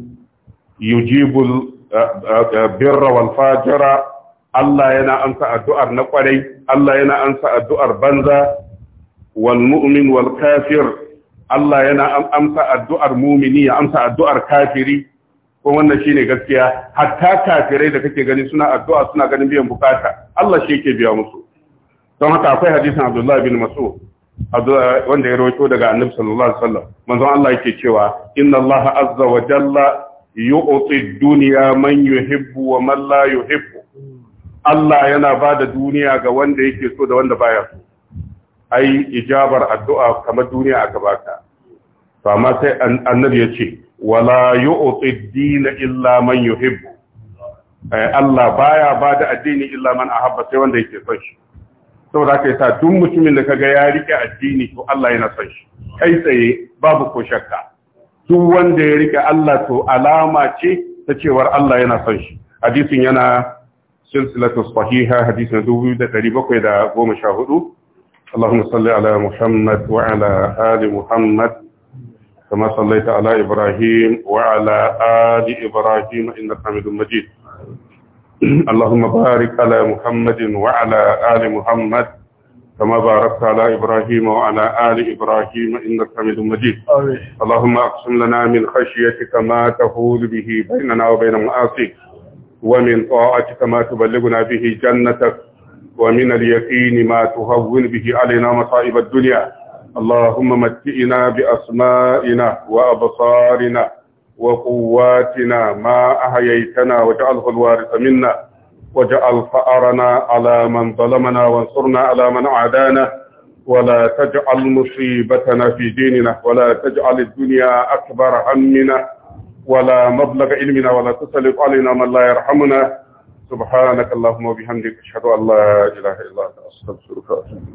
yujibul eh, eh, birra wal fajara Allah yana amsa addu'ar na ƙwarai. Allah yana amsa addu'ar banza wal mu'min wal kafir Allah yana amsa addu'ar mumini ya amsa addu'ar kafiri ko wannan shi ne gaskiya hatta kafirai da kake gani suna addu'a suna ganin biyan bukata Allah shi ke biya musu don haka akwai hadisin Abdullah bin Mas'ud wanda ya rawaito daga Annabi sallallahu alaihi wasallam manzon Allah yake cewa inna Allah azza wa jalla yu'ti ad-dunya man yuhibbu wa man la yuhibbu Allah yana ba da duniya ga wanda yake so da wanda baya so ai ijabar addu'a kamar duniya aka baka to amma sai annabi ya ce wala yu'ti ad illa man yuhibbu eh, Allah baya ba da addini illa man ahabba sai wanda yake son shi saboda haka yasa duk mutumin da kaga ya rike addini to Allah yana son shi kai tsaye babu ko shakka duk wanda ya rike Allah to alama ce ta cewar Allah yana son shi hadisin yana silsilatu sahiha hadisin 2714 اللهم صل على محمد وعلى آل محمد كما صليت على إبراهيم وعلى آل إبراهيم إنك حميد مجيد اللهم بارك على محمد وعلى آل محمد كما باركت على إبراهيم وعلى آل إبراهيم إنك حميد مجيد اللهم أقسم لنا من خشيتك ما تفوز به بيننا وبين معاصيك ومن طاعتك ما تبلغنا به جنتك ومن اليقين ما تهون به علينا مصائب الدنيا اللهم متئنا بأسمائنا وأبصارنا وقواتنا ما أحييتنا واجعله الوارث منا واجعل فأرنا على من ظلمنا وانصرنا على من عادانا ولا تجعل مصيبتنا في ديننا ولا تجعل الدنيا أكبر همنا ولا مبلغ علمنا ولا تسلط علينا من لا يرحمنا سبحانك اللهم وبحمدك اشهد ان لا اله الا انت استغفرك واتوب